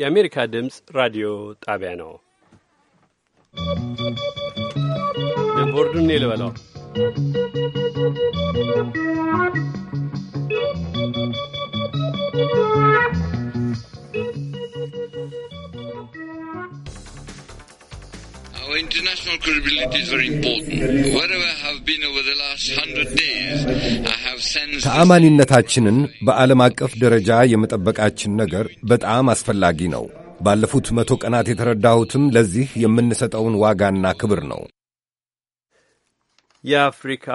የአሜሪካ ድምፅ ራዲዮ ጣቢያ ነው። ቦርዱን ልበለው Thank you. Our international credibility is very important. Wherever I have been over the last hundred days, I have sensed... ተአማኒነታችንን በዓለም አቀፍ ደረጃ የመጠበቃችን ነገር በጣም አስፈላጊ ነው። ባለፉት መቶ ቀናት የተረዳሁትም ለዚህ የምንሰጠውን ዋጋና ክብር ነው። የአፍሪካ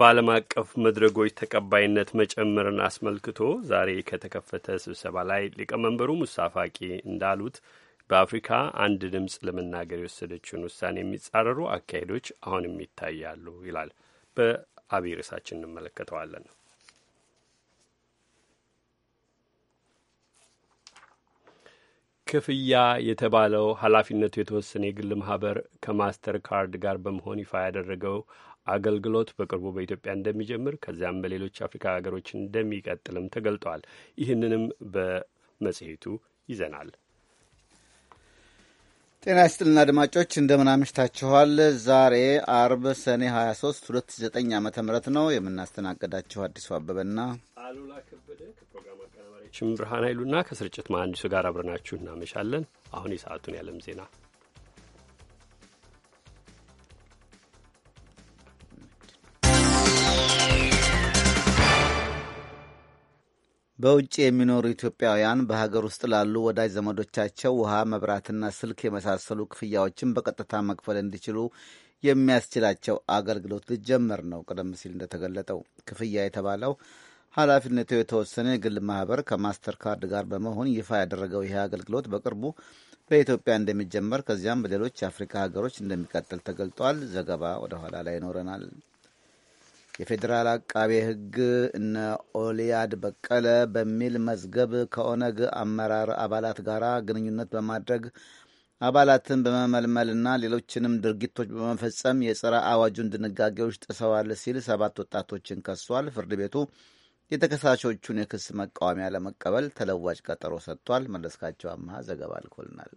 በዓለም አቀፍ መድረጎች ተቀባይነት መጨመርን አስመልክቶ ዛሬ ከተከፈተ ስብሰባ ላይ ሊቀመንበሩ ሙሳ ፋቂ እንዳሉት በአፍሪካ አንድ ድምፅ ለመናገር የወሰደችውን ውሳኔ የሚጻረሩ አካሄዶች አሁንም ይታያሉ ይላል። በአብይ ርዕሳችን እንመለከተዋለን። ክፍያ የተባለው ኃላፊነቱ የተወሰነ የግል ማህበር ከማስተር ካርድ ጋር በመሆን ይፋ ያደረገው አገልግሎት በቅርቡ በኢትዮጵያ እንደሚጀምር ከዚያም በሌሎች አፍሪካ ሀገሮች እንደሚቀጥልም ተገልጧል። ይህንንም በመጽሔቱ ይዘናል። ጤና ይስጥልና አድማጮች እንደምን አምሽታችኋል። ዛሬ አርብ ሰኔ 23 2009 ዓ ም ነው የምናስተናግዳችሁ አዲሱ አበበና አሉላ ከበደ ከፕሮግራም አቀናባሪያችን ብርሃን ኃይሉና ከስርጭት መሐንዲሱ ጋር አብረናችሁ እናመሻለን። አሁን የሰዓቱን ያለም ዜና በውጭ የሚኖሩ ኢትዮጵያውያን በሀገር ውስጥ ላሉ ወዳጅ ዘመዶቻቸው ውሃ፣ መብራትና ስልክ የመሳሰሉ ክፍያዎችን በቀጥታ መክፈል እንዲችሉ የሚያስችላቸው አገልግሎት ሊጀመር ነው። ቀደም ሲል እንደተገለጠው ክፍያ የተባለው ኃላፊነቱ የተወሰነ የግል ማህበር ከማስተር ካርድ ጋር በመሆን ይፋ ያደረገው ይህ አገልግሎት በቅርቡ በኢትዮጵያ እንደሚጀመር ከዚያም በሌሎች የአፍሪካ ሀገሮች እንደሚቀጥል ተገልጧል። ዘገባ ኋላ ላይ ይኖረናል። የፌዴራል አቃቤ ሕግ እነ ኦልያድ በቀለ በሚል መዝገብ ከኦነግ አመራር አባላት ጋር ግንኙነት በማድረግ አባላትን በመመልመልና ሌሎችንም ድርጊቶች በመፈጸም የጸረ አዋጁን ድንጋጌዎች ጥሰዋል ሲል ሰባት ወጣቶችን ከሷል። ፍርድ ቤቱ የተከሳሾቹን የክስ መቃወሚያ ለመቀበል ተለዋጭ ቀጠሮ ሰጥቷል። መለስካቸው አምሃ ዘገባ ልኮልናል።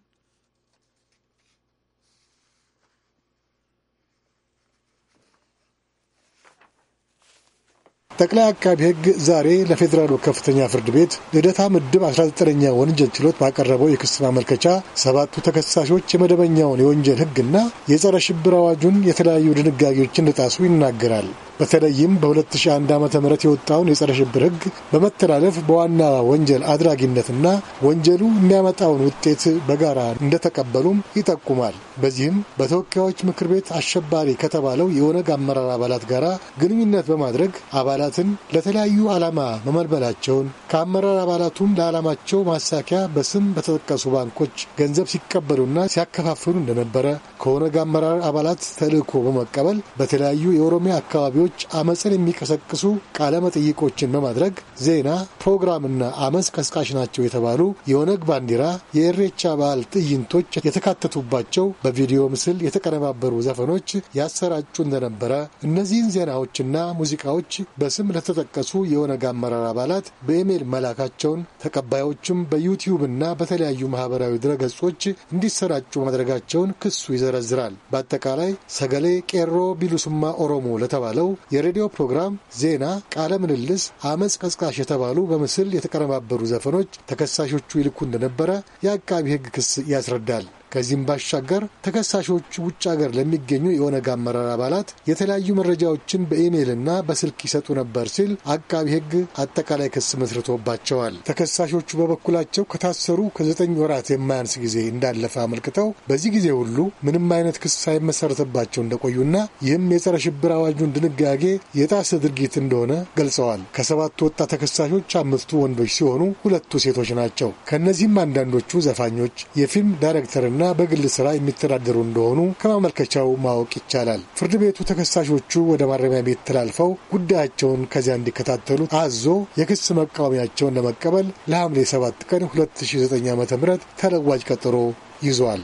ጠቅላይ አቃቢ ሕግ ዛሬ ለፌዴራሉ ከፍተኛ ፍርድ ቤት ልደታ ምድብ 19ኛ ወንጀል ችሎት ባቀረበው የክስ ማመልከቻ ሰባቱ ተከሳሾች የመደበኛውን የወንጀል ሕግና የጸረ ሽብር አዋጁን የተለያዩ ድንጋጌዎችን እንደጣሱ ይናገራል። በተለይም በ2001 ዓ ም የወጣውን የጸረ ሽብር ህግ በመተላለፍ በዋና ወንጀል አድራጊነትና ወንጀሉ የሚያመጣውን ውጤት በጋራ እንደተቀበሉም ይጠቁማል። በዚህም በተወካዮች ምክር ቤት አሸባሪ ከተባለው የኦነግ አመራር አባላት ጋር ግንኙነት በማድረግ አባላትን ለተለያዩ ዓላማ መመልመላቸውን ከአመራር አባላቱም ለዓላማቸው ማሳኪያ በስም በተጠቀሱ ባንኮች ገንዘብ ሲቀበሉና ሲያከፋፍሉ እንደነበረ ከኦነግ አመራር አባላት ተልዕኮ በመቀበል በተለያዩ የኦሮሚያ አካባቢዎች ርዕሶች አመፅን የሚቀሰቅሱ ቃለ መጠይቆችን በማድረግ ዜና፣ ፕሮግራምና አመፅ ቀስቃሽ ናቸው የተባሉ የኦነግ ባንዲራ፣ የእሬቻ በዓል ትዕይንቶች የተካተቱባቸው በቪዲዮ ምስል የተቀነባበሩ ዘፈኖች ያሰራጩ እንደነበረ እነዚህን ዜናዎችና ሙዚቃዎች በስም ለተጠቀሱ የኦነግ አመራር አባላት በኢሜይል መላካቸውን ተቀባዮቹም በዩቲዩብና በተለያዩ ማህበራዊ ድረገጾች እንዲሰራጩ ማድረጋቸውን ክሱ ይዘረዝራል። በአጠቃላይ ሰገሌ ቄሮ ቢሉስማ ኦሮሞ ለተባለው የሬዲዮ ፕሮግራም፣ ዜና፣ ቃለ ምልልስ፣ አመፅ ቀስቃሽ የተባሉ በምስል የተቀነባበሩ ዘፈኖች ተከሳሾቹ ይልኩ እንደነበረ የአቃቢ ሕግ ክስ ያስረዳል። ከዚህም ባሻገር ተከሳሾች ውጭ ሀገር ለሚገኙ የኦነግ አመራር አባላት የተለያዩ መረጃዎችን በኢሜይልና በስልክ ይሰጡ ነበር ሲል አቃቢ ሕግ አጠቃላይ ክስ መስርቶባቸዋል። ተከሳሾቹ በበኩላቸው ከታሰሩ ከዘጠኝ ወራት የማያንስ ጊዜ እንዳለፈ አመልክተው በዚህ ጊዜ ሁሉ ምንም አይነት ክስ ሳይመሰረትባቸው እንደቆዩና ይህም የጸረ ሽብር አዋጁን ድንጋጌ የጣሰ ድርጊት እንደሆነ ገልጸዋል። ከሰባቱ ወጣት ተከሳሾች አምስቱ ወንዶች ሲሆኑ ሁለቱ ሴቶች ናቸው። ከእነዚህም አንዳንዶቹ ዘፋኞች፣ የፊልም ዳይሬክተር እና በግል ስራ የሚተዳደሩ እንደሆኑ ከማመልከቻው ማወቅ ይቻላል። ፍርድ ቤቱ ተከሳሾቹ ወደ ማረሚያ ቤት ተላልፈው ጉዳያቸውን ከዚያ እንዲከታተሉ አዞ የክስ መቃወሚያቸውን ለመቀበል ለሐምሌ 7 ቀን 2009 ዓ.ም ተለዋጅ ቀጠሮ ይዟል።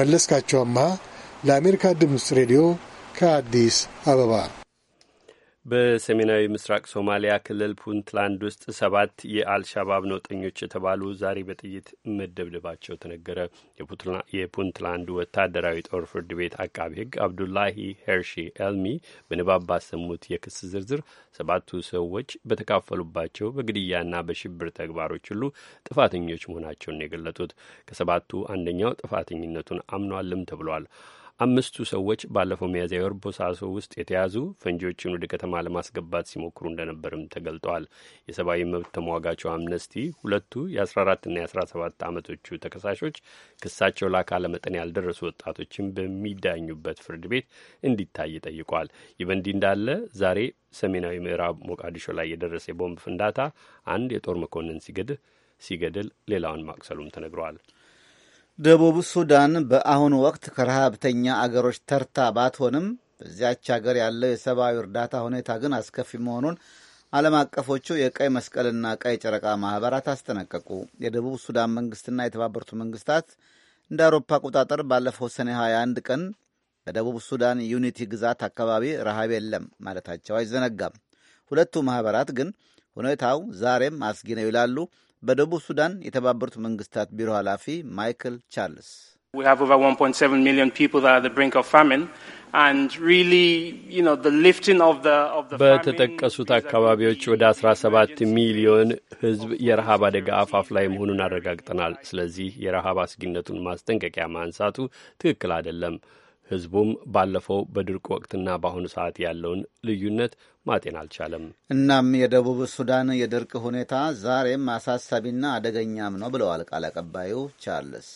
መለስካቸው አምሃ ለአሜሪካ ድምፅ ሬዲዮ ከአዲስ አበባ በሰሜናዊ ምስራቅ ሶማሊያ ክልል ፑንትላንድ ውስጥ ሰባት የአልሻባብ ነውጠኞች የተባሉ ዛሬ በጥይት መደብደባቸው ተነገረ። የፑንትላንዱ ወታደራዊ ጦር ፍርድ ቤት አቃቢ ሕግ አብዱላሂ ሄርሺ ኤልሚ በንባብ ባሰሙት የክስ ዝርዝር ሰባቱ ሰዎች በተካፈሉባቸው በግድያና በሽብር ተግባሮች ሁሉ ጥፋተኞች መሆናቸውን የገለጡት ከሰባቱ አንደኛው ጥፋተኝነቱን አምኗልም ተብሏል። አምስቱ ሰዎች ባለፈው ሚያዝያ ወር ቦሳሶ ውስጥ የተያዙ ፈንጂዎችን ወደ ከተማ ለማስገባት ሲሞክሩ እንደነበርም ተገልጠዋል። የሰብአዊ መብት ተሟጋቹ አምነስቲ ሁለቱ የ14ና የ17 ዓመቶቹ ተከሳሾች ክሳቸው ለአካለ መጠን ያልደረሱ ወጣቶችን በሚዳኙበት ፍርድ ቤት እንዲታይ ጠይቋል። ይህ በእንዲህ እንዳለ ዛሬ ሰሜናዊ ምዕራብ ሞቃዲሾ ላይ የደረሰ የቦምብ ፍንዳታ አንድ የጦር መኮንን ሲገድል ሌላውን ማቁሰሉም ተነግረዋል። ደቡብ ሱዳን በአሁኑ ወቅት ከረሃብተኛ አገሮች ተርታ ባትሆንም በዚያች አገር ያለው የሰብአዊ እርዳታ ሁኔታ ግን አስከፊ መሆኑን ዓለም አቀፎቹ የቀይ መስቀልና ቀይ ጨረቃ ማኅበራት አስጠነቀቁ። የደቡብ ሱዳን መንግሥትና የተባበሩት መንግሥታት እንደ አውሮፓ አቆጣጠር ባለፈው ሰኔ 21 ቀን በደቡብ ሱዳን ዩኒቲ ግዛት አካባቢ ረሃብ የለም ማለታቸው አይዘነጋም። ሁለቱ ማኅበራት ግን ሁኔታው ዛሬም አስጊ ነው ይላሉ። በደቡብ ሱዳን የተባበሩት መንግስታት ቢሮ ኃላፊ ማይክል ቻርልስ በተጠቀሱት አካባቢዎች ወደ 17 ሚሊዮን ሕዝብ የረሃብ አደጋ አፋፍ ላይ መሆኑን አረጋግጠናል። ስለዚህ የረሃብ አስጊነቱን ማስጠንቀቂያ ማንሳቱ ትክክል አይደለም። ህዝቡም ባለፈው በድርቅ ወቅትና በአሁኑ ሰዓት ያለውን ልዩነት ማጤን አልቻለም። እናም የደቡብ ሱዳን የድርቅ ሁኔታ ዛሬም አሳሳቢና አደገኛም ነው ብለዋል ቃል አቀባዩ ቻርልስ።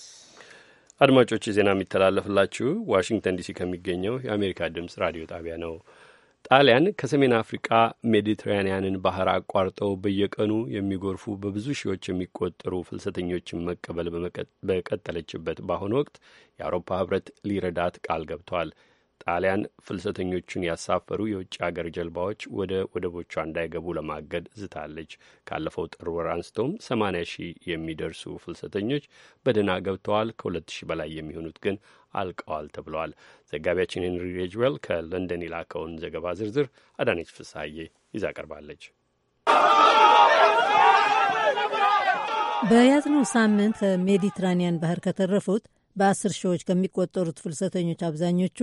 አድማጮች ዜና የሚተላለፍላችሁ ዋሽንግተን ዲሲ ከሚገኘው የአሜሪካ ድምፅ ራዲዮ ጣቢያ ነው። ጣሊያን ከሰሜን አፍሪቃ ሜዲትራኒያንን ባህር አቋርጠው በየቀኑ የሚጎርፉ በብዙ ሺዎች የሚቆጠሩ ፍልሰተኞችን መቀበል በቀጠለችበት በአሁኑ ወቅት የአውሮፓ ህብረት ሊረዳት ቃል ገብቷል። ጣሊያን ፍልሰተኞቹን ያሳፈሩ የውጭ አገር ጀልባዎች ወደ ወደቦቿ እንዳይገቡ ለማገድ ዝታለች። ካለፈው ጥር ወር አንስቶም 80 ሺህ የሚደርሱ ፍልሰተኞች በደህና ገብተዋል። ከ2 ሺህ በላይ የሚሆኑት ግን አልቀዋል ተብለዋል። ዘጋቢያችን ሄንሪ ሬጅዌል ከለንደን የላከውን ዘገባ ዝርዝር አዳነች ፍሳዬ ይዛ ቀርባለች። በያዝነው ሳምንት ከሜዲትራኒያን ባህር ከተረፉት በአስር ሺዎች ከሚቆጠሩት ፍልሰተኞች አብዛኞቹ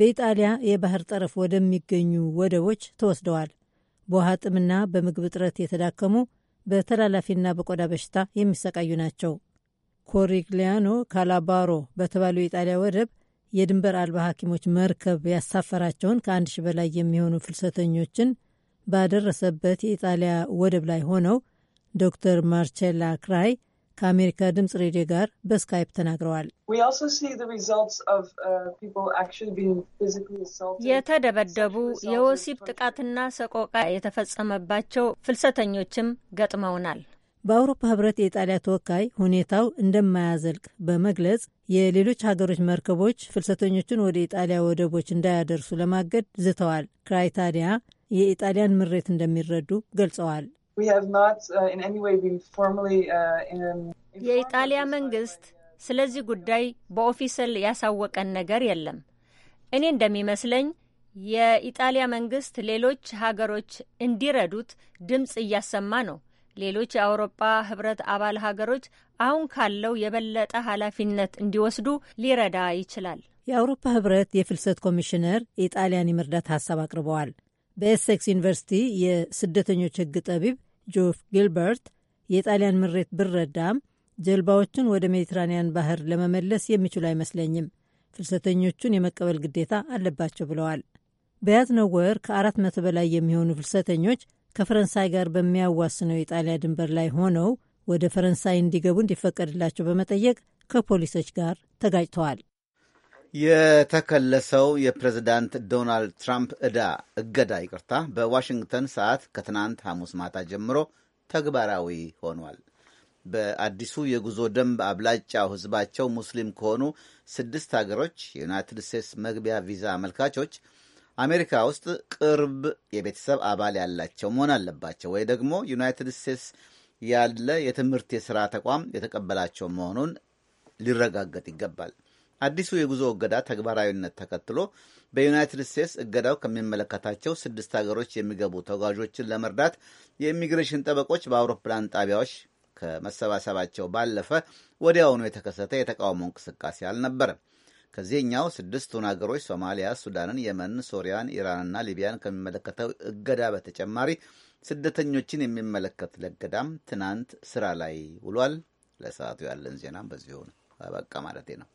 በኢጣሊያ የባህር ጠረፍ ወደሚገኙ ወደቦች ተወስደዋል። በውሃ ጥምና በምግብ እጥረት የተዳከሙ በተላላፊና በቆዳ በሽታ የሚሰቃዩ ናቸው። ኮሪግሊያኖ ካላባሮ በተባለው የጣሊያ ወደብ የድንበር አልባ ሐኪሞች መርከብ ያሳፈራቸውን ከአንድ ሺ በላይ የሚሆኑ ፍልሰተኞችን ባደረሰበት የኢጣሊያ ወደብ ላይ ሆነው ዶክተር ማርቼላ ክራይ ከአሜሪካ ድምፅ ሬዲዮ ጋር በስካይፕ ተናግረዋል። uh, የተደበደቡ የወሲብ ጥቃትና ሰቆቃ የተፈጸመባቸው ፍልሰተኞችም ገጥመውናል። በአውሮፓ ህብረት የጣሊያ ተወካይ ሁኔታው እንደማያዘልቅ በመግለጽ የሌሎች ሀገሮች መርከቦች ፍልሰተኞቹን ወደ ኢጣሊያ ወደቦች እንዳያደርሱ ለማገድ ዝተዋል። ክራይታሊያ የኢጣሊያን ምሬት እንደሚረዱ ገልጸዋል። uh, uh, የኢጣሊያ መንግስት ስለዚህ ጉዳይ በኦፊሰል ያሳወቀን ነገር የለም። እኔ እንደሚመስለኝ የኢጣሊያ መንግስት ሌሎች ሀገሮች እንዲረዱት ድምፅ እያሰማ ነው። ሌሎች የአውሮፓ ህብረት አባል ሀገሮች አሁን ካለው የበለጠ ኃላፊነት እንዲወስዱ ሊረዳ ይችላል። የአውሮፓ ህብረት የፍልሰት ኮሚሽነር የጣሊያን የመርዳት ሀሳብ አቅርበዋል። በኤሴክስ ዩኒቨርሲቲ የስደተኞች ህግ ጠቢብ ጆፍ ጊልበርት የጣሊያን ምሬት ብረዳም ጀልባዎችን ወደ ሜዲትራኒያን ባህር ለመመለስ የሚችሉ አይመስለኝም፣ ፍልሰተኞቹን የመቀበል ግዴታ አለባቸው ብለዋል። በያዝነው ወር ከአራት መቶ በላይ የሚሆኑ ፍልሰተኞች ከፈረንሳይ ጋር በሚያዋስነው የጣሊያ ድንበር ላይ ሆነው ወደ ፈረንሳይ እንዲገቡ እንዲፈቀድላቸው በመጠየቅ ከፖሊሶች ጋር ተጋጭተዋል። የተከለሰው የፕሬዝዳንት ዶናልድ ትራምፕ ዕዳ እገዳ ይቅርታ በዋሽንግተን ሰዓት ከትናንት ሐሙስ ማታ ጀምሮ ተግባራዊ ሆኗል። በአዲሱ የጉዞ ደንብ አብላጫው ሕዝባቸው ሙስሊም ከሆኑ ስድስት ሀገሮች የዩናይትድ ስቴትስ መግቢያ ቪዛ አመልካቾች አሜሪካ ውስጥ ቅርብ የቤተሰብ አባል ያላቸው መሆን አለባቸው ወይ ደግሞ ዩናይትድ ስቴትስ ያለ የትምህርት የስራ ተቋም የተቀበላቸው መሆኑን ሊረጋገጥ ይገባል። አዲሱ የጉዞ እገዳ ተግባራዊነት ተከትሎ በዩናይትድ ስቴትስ እገዳው ከሚመለከታቸው ስድስት ሀገሮች የሚገቡ ተጓዦችን ለመርዳት የኢሚግሬሽን ጠበቆች በአውሮፕላን ጣቢያዎች ከመሰባሰባቸው ባለፈ ወዲያውኑ የተከሰተ የተቃውሞ እንቅስቃሴ አልነበረም። ከዚህኛው ስድስቱን ሀገሮች ሶማሊያ፣ ሱዳንን፣ የመን፣ ሶሪያን፣ ኢራንና ሊቢያን ከሚመለከተው እገዳ በተጨማሪ ስደተኞችን የሚመለከት ለገዳም ትናንት ስራ ላይ ውሏል። ለሰዓቱ ያለን ዜና በዚሁ አበቃ ማለቴ ነው።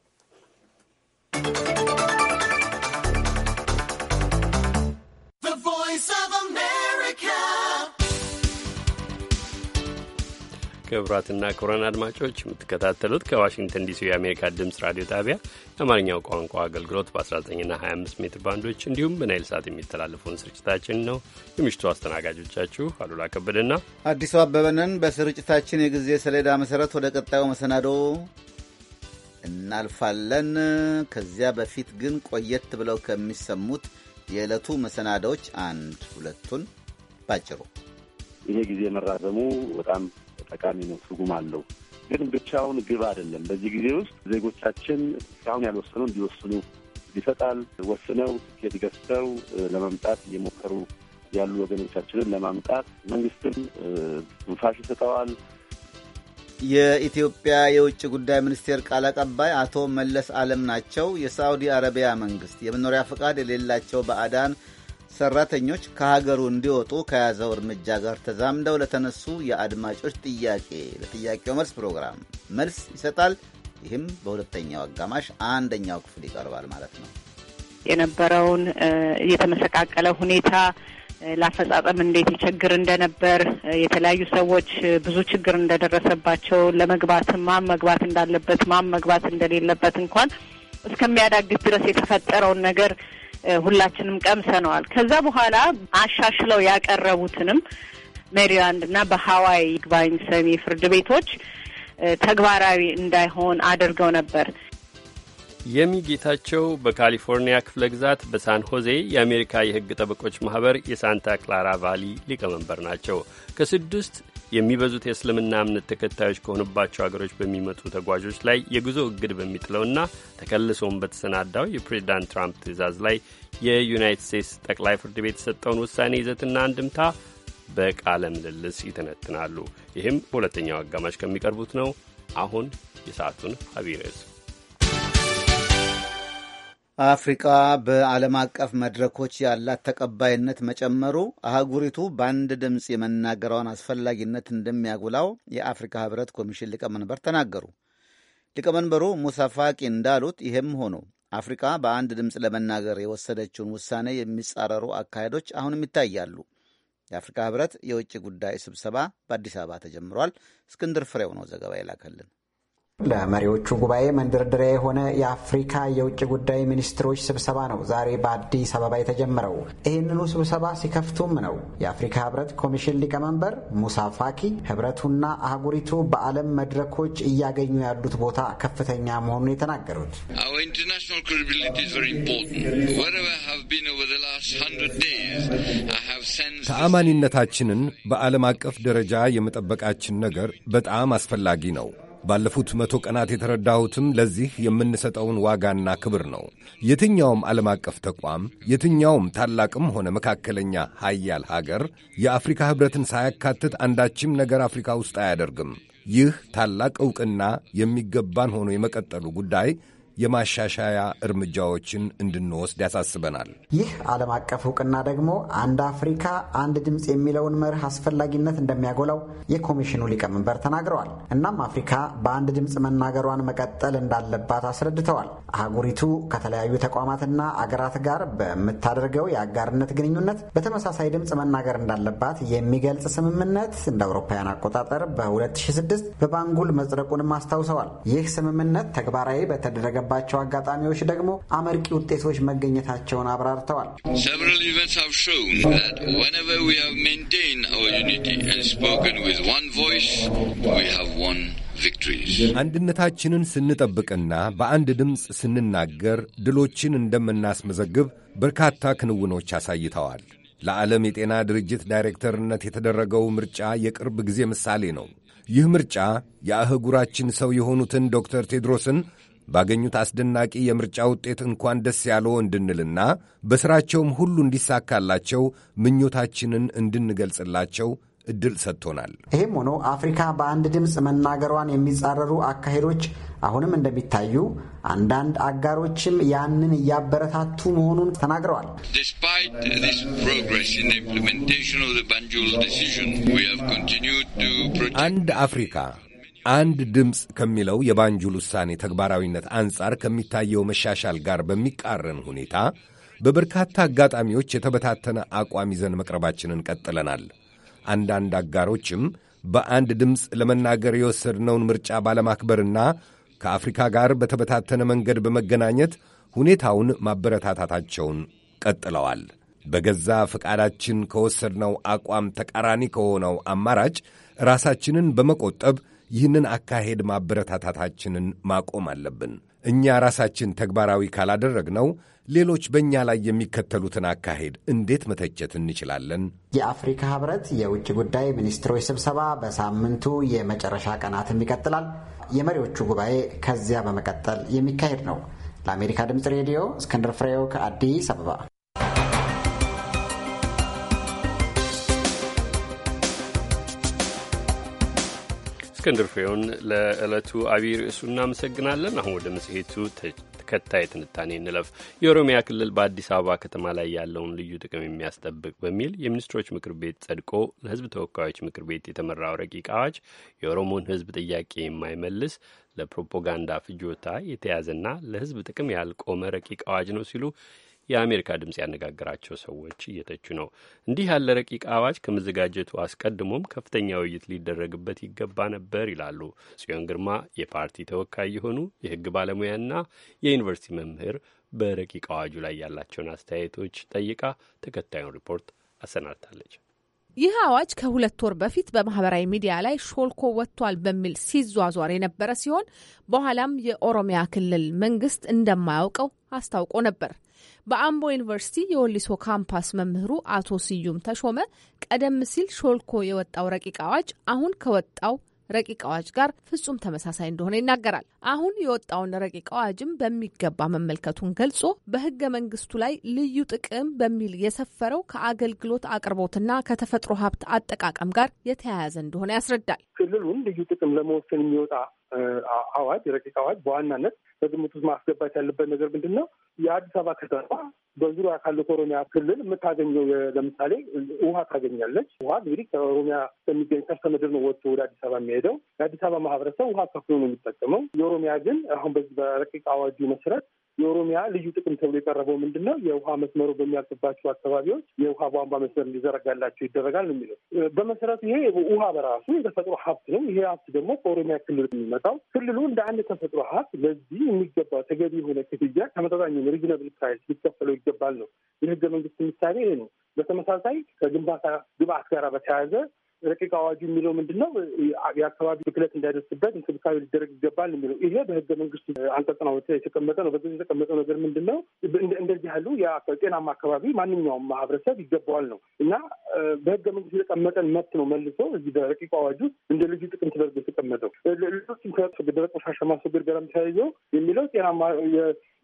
ክቡራትና ክቡራን አድማጮች የምትከታተሉት ከዋሽንግተን ዲሲ የአሜሪካ ድምፅ ራዲዮ ጣቢያ የአማርኛው ቋንቋ አገልግሎት በ19ና 25 ሜትር ባንዶች እንዲሁም በናይል ሰዓት የሚተላለፈውን ስርጭታችን ነው። የምሽቱ አስተናጋጆቻችሁ አሉላ ከበደና አዲሱ አበበንን በስርጭታችን የጊዜ ሰሌዳ መሰረት ወደ ቀጣዩ መሰናዶ እናልፋለን። ከዚያ በፊት ግን ቆየት ብለው ከሚሰሙት የዕለቱ መሰናዶዎች አንድ ሁለቱን ባጭሩ ይሄ ጊዜ መራዘሙ በጣም ጠቃሚ ነው፣ ትርጉም አለው። ግን ብቻውን ግብ አይደለም። በዚህ ጊዜ ውስጥ ዜጎቻችን እስካሁን ያልወሰኑ እንዲወስኑ ይሰጣል። ወስነው ትኬት ገዝተው ለመምጣት እየሞከሩ ያሉ ወገኖቻችንን ለማምጣት መንግስትም ንፋሽ ይሰጠዋል። የኢትዮጵያ የውጭ ጉዳይ ሚኒስቴር ቃል አቀባይ አቶ መለስ አለም ናቸው። የሳዑዲ አረቢያ መንግስት የመኖሪያ ፈቃድ የሌላቸው ባዕዳን ሰራተኞች ከሀገሩ እንዲወጡ ከያዘው እርምጃ ጋር ተዛምደው ለተነሱ የአድማጮች ጥያቄ ለጥያቄው መልስ ፕሮግራም መልስ ይሰጣል። ይህም በሁለተኛው አጋማሽ አንደኛው ክፍል ይቀርባል ማለት ነው። የነበረውን የተመሰቃቀለ ሁኔታ ለአፈጻጸም እንዴት ይቸግር እንደነበር የተለያዩ ሰዎች ብዙ ችግር እንደደረሰባቸው ለመግባት ማን መግባት እንዳለበት ማን መግባት እንደሌለበት እንኳን እስከሚያዳግት ድረስ የተፈጠረውን ነገር ሁላችንም ቀምሰነዋል። ከዛ በኋላ አሻሽለው ያቀረቡትንም ሜሪላንድ እና በሀዋይ ይግባኝ ሰሚ ፍርድ ቤቶች ተግባራዊ እንዳይሆን አድርገው ነበር። የሚ ጌታቸው በካሊፎርኒያ ክፍለ ግዛት በሳን ሆዜ የአሜሪካ የሕግ ጠበቆች ማኅበር የሳንታ ክላራ ቫሊ ሊቀመንበር ናቸው። ከስድስት የሚበዙት የእስልምና እምነት ተከታዮች ከሆኑባቸው ሀገሮች በሚመጡ ተጓዦች ላይ የጉዞ እግድ በሚጥለውና ተከልሶም በተሰናዳው የፕሬዚዳንት ትራምፕ ትዕዛዝ ላይ የዩናይትድ ስቴትስ ጠቅላይ ፍርድ ቤት የሰጠውን ውሳኔ ይዘትና አንድምታ በቃለ ምልልስ ይተነትናሉ። ይህም በሁለተኛው አጋማሽ ከሚቀርቡት ነው። አሁን የሰዓቱን አብይ ርዕስ አፍሪቃ በዓለም አቀፍ መድረኮች ያላት ተቀባይነት መጨመሩ አህጉሪቱ በአንድ ድምፅ የመናገሯን አስፈላጊነት እንደሚያጉላው የአፍሪካ ህብረት ኮሚሽን ሊቀመንበር ተናገሩ። ሊቀመንበሩ ሙሳ ፋቂ እንዳሉት ይህም ሆኖ አፍሪካ በአንድ ድምፅ ለመናገር የወሰደችውን ውሳኔ የሚጻረሩ አካሄዶች አሁንም ይታያሉ። የአፍሪካ ህብረት የውጭ ጉዳይ ስብሰባ በአዲስ አበባ ተጀምሯል። እስክንድር ፍሬው ነው ዘገባ የላከልን። ለመሪዎቹ ጉባኤ መንደርደሪያ የሆነ የአፍሪካ የውጭ ጉዳይ ሚኒስትሮች ስብሰባ ነው ዛሬ በአዲስ አበባ የተጀመረው። ይህንኑ ስብሰባ ሲከፍቱም ነው የአፍሪካ ህብረት ኮሚሽን ሊቀመንበር ሙሳ ፋኪ ህብረቱና አህጉሪቱ በዓለም መድረኮች እያገኙ ያሉት ቦታ ከፍተኛ መሆኑን የተናገሩት። ተአማኒነታችንን በዓለም አቀፍ ደረጃ የመጠበቃችን ነገር በጣም አስፈላጊ ነው። ባለፉት መቶ ቀናት የተረዳሁትም ለዚህ የምንሰጠውን ዋጋና ክብር ነው። የትኛውም ዓለም አቀፍ ተቋም፣ የትኛውም ታላቅም ሆነ መካከለኛ ሀያል ሀገር የአፍሪካ ኅብረትን ሳያካትት አንዳችም ነገር አፍሪካ ውስጥ አያደርግም። ይህ ታላቅ ዕውቅና የሚገባን ሆኖ የመቀጠሉ ጉዳይ የማሻሻያ እርምጃዎችን እንድንወስድ ያሳስበናል። ይህ ዓለም አቀፍ እውቅና ደግሞ አንድ አፍሪካ አንድ ድምፅ የሚለውን መርህ አስፈላጊነት እንደሚያጎላው የኮሚሽኑ ሊቀመንበር ተናግረዋል። እናም አፍሪካ በአንድ ድምፅ መናገሯን መቀጠል እንዳለባት አስረድተዋል። አህጉሪቱ ከተለያዩ ተቋማትና አገራት ጋር በምታደርገው የአጋርነት ግንኙነት በተመሳሳይ ድምፅ መናገር እንዳለባት የሚገልጽ ስምምነት እንደ አውሮፓውያን አቆጣጠር በ2006 በባንጉል መጽደቁንም አስታውሰዋል። ይህ ስምምነት ተግባራዊ በተደረገ በሚገባቸው አጋጣሚዎች ደግሞ አመርቂ ውጤቶች መገኘታቸውን አብራርተዋል። አንድነታችንን ስንጠብቅና በአንድ ድምፅ ስንናገር ድሎችን እንደምናስመዘግብ በርካታ ክንውኖች አሳይተዋል። ለዓለም የጤና ድርጅት ዳይሬክተርነት የተደረገው ምርጫ የቅርብ ጊዜ ምሳሌ ነው። ይህ ምርጫ የአህጉራችን ሰው የሆኑትን ዶክተር ቴድሮስን ባገኙት አስደናቂ የምርጫ ውጤት እንኳን ደስ ያለው እንድንልና በሥራቸውም ሁሉ እንዲሳካላቸው ምኞታችንን እንድንገልጽላቸው እድል ሰጥቶናል። ይህም ሆኖ አፍሪካ በአንድ ድምፅ መናገሯን የሚጻረሩ አካሄዶች አሁንም እንደሚታዩ አንዳንድ አጋሮችም ያንን እያበረታቱ መሆኑን ተናግረዋል። አንድ አፍሪካ አንድ ድምፅ ከሚለው የባንጁል ውሳኔ ተግባራዊነት አንጻር ከሚታየው መሻሻል ጋር በሚቃረን ሁኔታ በበርካታ አጋጣሚዎች የተበታተነ አቋም ይዘን መቅረባችንን ቀጥለናል። አንዳንድ አጋሮችም በአንድ ድምፅ ለመናገር የወሰድነውን ምርጫ ባለማክበርና ከአፍሪካ ጋር በተበታተነ መንገድ በመገናኘት ሁኔታውን ማበረታታታቸውን ቀጥለዋል። በገዛ ፈቃዳችን ከወሰድነው አቋም ተቃራኒ ከሆነው አማራጭ ራሳችንን በመቆጠብ ይህንን አካሄድ ማበረታታታችንን ማቆም አለብን። እኛ ራሳችን ተግባራዊ ካላደረግነው ሌሎች በእኛ ላይ የሚከተሉትን አካሄድ እንዴት መተቸት እንችላለን? የአፍሪካ ህብረት የውጭ ጉዳይ ሚኒስትሮች ስብሰባ በሳምንቱ የመጨረሻ ቀናትም ይቀጥላል። የመሪዎቹ ጉባኤ ከዚያ በመቀጠል የሚካሄድ ነው። ለአሜሪካ ድምፅ ሬዲዮ እስክንድር ፍሬው ከአዲስ አበባ እስክንድር ፍሬውን ለዕለቱ አብይ ርዕሱ እናመሰግናለን። አሁን ወደ መጽሔቱ ተከታይ ትንታኔ እንለፍ። የኦሮሚያ ክልል በአዲስ አበባ ከተማ ላይ ያለውን ልዩ ጥቅም የሚያስጠብቅ በሚል የሚኒስትሮች ምክር ቤት ጸድቆ ለሕዝብ ተወካዮች ምክር ቤት የተመራው ረቂቅ አዋጅ የኦሮሞን ሕዝብ ጥያቄ የማይመልስ ለፕሮፓጋንዳ ፍጆታ የተያዘና ለሕዝብ ጥቅም ያልቆመ ረቂቅ አዋጅ ነው ሲሉ የአሜሪካ ድምፅ ያነጋገራቸው ሰዎች እየተቹ ነው። እንዲህ ያለ ረቂቅ አዋጅ ከመዘጋጀቱ አስቀድሞም ከፍተኛ ውይይት ሊደረግበት ይገባ ነበር ይላሉ ጽዮን ግርማ፣ የፓርቲ ተወካይ የሆኑ ባለሙያ ባለሙያና የዩኒቨርሲቲ መምህር በረቂቅ አዋጁ ላይ ያላቸውን አስተያየቶች ጠይቃ ተከታዩን ሪፖርት አሰናድታለች። ይህ አዋጅ ከሁለት ወር በፊት በማህበራዊ ሚዲያ ላይ ሾልኮ ወጥቷል በሚል ሲዟዟር የነበረ ሲሆን በኋላም የኦሮሚያ ክልል መንግስት እንደማያውቀው አስታውቆ ነበር። በአምቦ ዩኒቨርሲቲ የወሊሶ ካምፓስ መምህሩ አቶ ስዩም ተሾመ ቀደም ሲል ሾልኮ የወጣው ረቂቅ አዋጅ አሁን ከወጣው ረቂቅ አዋጅ ጋር ፍጹም ተመሳሳይ እንደሆነ ይናገራል። አሁን የወጣውን ረቂቅ አዋጅም በሚገባ መመልከቱን ገልጾ በህገ መንግስቱ ላይ ልዩ ጥቅም በሚል የሰፈረው ከአገልግሎት አቅርቦትና ከተፈጥሮ ሀብት አጠቃቀም ጋር የተያያዘ እንደሆነ ያስረዳል። ክልሉን ልዩ ጥቅም ለመወሰን የሚወጣ አዋጅ ረቂቅ አዋጅ በዋናነት በግምት ውስጥ ማስገባት ያለበት ነገር ምንድን ነው? የአዲስ አበባ ከተማ በዙሪያ ካለው ከኦሮሚያ ክልል የምታገኘው ለምሳሌ ውሃ ታገኛለች። ውሃ እንግዲህ ከኦሮሚያ በሚገኝ ከርሰ ምድር ነው ወጥቶ ወደ አዲስ አበባ የሚሄደው። የአዲስ አበባ ማህበረሰብ ውሃ ከፍሎ ነው የሚጠቀመው። የኦሮሚያ ግን አሁን በዚህ በረቂቅ አዋጁ መሰረት የኦሮሚያ ልዩ ጥቅም ተብሎ የቀረበው ምንድን ነው? የውሃ መስመሩ በሚያልፍባቸው አካባቢዎች የውሃ ቧንቧ መስመር እንዲዘረጋላቸው ይደረጋል የሚለው። በመሰረቱ ይሄ ውሃ በራሱ የተፈጥሮ ሀብት ነው። ይሄ ሀብት ደግሞ ከኦሮሚያ ክልል የሚመጣው ክልሉ እንደ አንድ ተፈጥሮ ሀብት ለዚህ የሚገባ ተገቢ የሆነ ክፍያ ተመጣጣኝ ሪዝነብል ፕራይስ ሊከፈለው ይገባል ነው የህገ መንግስት ምሳሌ ይሄ ነው። በተመሳሳይ ከግንባታ ግብአት ጋር በተያያዘ ረቂቅ አዋጁ የሚለው ምንድን ነው? የአካባቢ ብክለት እንዳይደርስበት እንክብካቤ ሊደረግ ይገባል የሚለው ይሄ በህገ መንግስቱ አንቀጽ የተቀመጠ ነው። በዚህ የተቀመጠው ነገር ምንድን ነው? እንደዚህ ያሉ የጤናማ አካባቢ ማንኛውም ማህበረሰብ ይገባዋል ነው እና በህገ መንግስት የተቀመጠን መብት ነው መልሶ እዚህ በረቂቅ አዋጁ እንደ ልዩ ጥቅም ተደርጎ የተቀመጠው ሌሎችም ከደረቅ ቆሻሻ ማስወገድ ጋር ተያይዞ የሚለው ጤናማ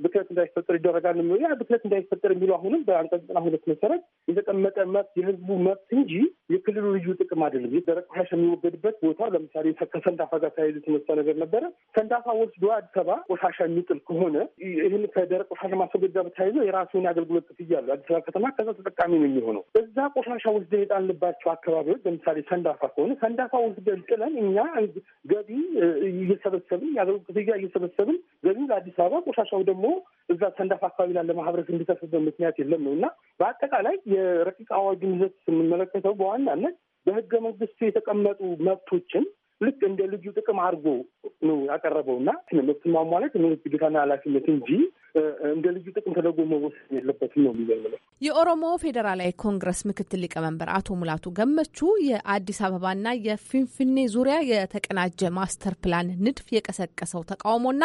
ብክለት እንዳይፈጠር ይደረጋል የሚለው ያ ብክለት እንዳይፈጠር የሚለው አሁንም በአንቀጽ ዘጠና ሁለት መሰረት የተቀመጠ መብት የህዝቡ መብት እንጂ የክልሉ ልዩ ጥቅም አይደለም። የደረቅ ቆሻሻ የሚወገድበት ቦታ ለምሳሌ ከሰንዳፋ ጋር ተያይዞ የተነሳ ነገር ነበረ። ሰንዳፋ ወስዶ አዲስ አበባ ቆሻሻ የሚጥል ከሆነ ይህን ከደረቅ ቆሻሻ ማስወገጃ በተያይዞ የራሱን አገልግሎት ክፍያ አለው። አዲስ አበባ ከተማ ከዛ ተጠቃሚ ነው የሚሆነው። እዛ ቆሻሻ ወስደ የጣልንባቸው አካባቢዎች ለምሳሌ ሰንዳፋ ከሆነ ሰንዳፋ ወስደን ጥለን እኛ ገቢ እየሰበሰብን የአገልግሎት ክፍያ እየሰበሰብን ገቢ ለአዲስ አበባ ቆሻሻው ደግሞ ደግሞ እዛ ሰንዳፍ አካባቢ ላለ ማህበረሰብ እንዲከስበት ምክንያት የለም ነው እና በአጠቃላይ የረቂቅ አዋጁን ይዘት ስንመለከተው በዋናነት በህገ መንግስቱ የተቀመጡ መብቶችን ልክ እንደ ልጁ ጥቅም አድርጎ ነው ያቀረበው እና መብት ማሟላት የመንግስት ግዴታና ኃላፊነት እንጂ እንደ ልዩ ጥቅም ተደርጎ መወሰድ የለበትም ነው የሚለው የኦሮሞ ፌዴራላዊ ኮንግረስ ምክትል ሊቀመንበር አቶ ሙላቱ ገመቹ የአዲስ አበባና የፊንፊኔ ዙሪያ የተቀናጀ ማስተር ፕላን ንድፍ የቀሰቀሰው ተቃውሞና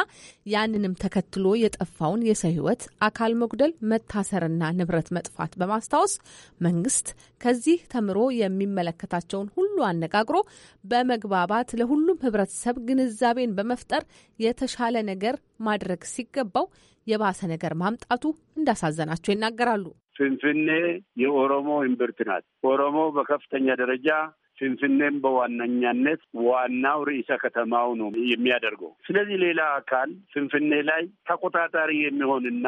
ያንንም ተከትሎ የጠፋውን የሰው ሕይወት አካል መጉደል፣ መታሰርና ንብረት መጥፋት በማስታወስ መንግስት ከዚህ ተምሮ የሚመለከታቸውን ሁሉ አነጋግሮ በመግባባት ለሁሉም ህብረተሰብ ግንዛቤን በመፍጠር የተሻለ ነገር ማድረግ ሲገባው የባሰ ነገር ማምጣቱ እንዳሳዘናቸው ይናገራሉ። ፍንፍኔ የኦሮሞ እምብርት ናት። ኦሮሞ በከፍተኛ ደረጃ ፍንፍኔም በዋነኛነት ዋናው ርዕሰ ከተማው ነው የሚያደርገው። ስለዚህ ሌላ አካል ፍንፍኔ ላይ ተቆጣጣሪ የሚሆንና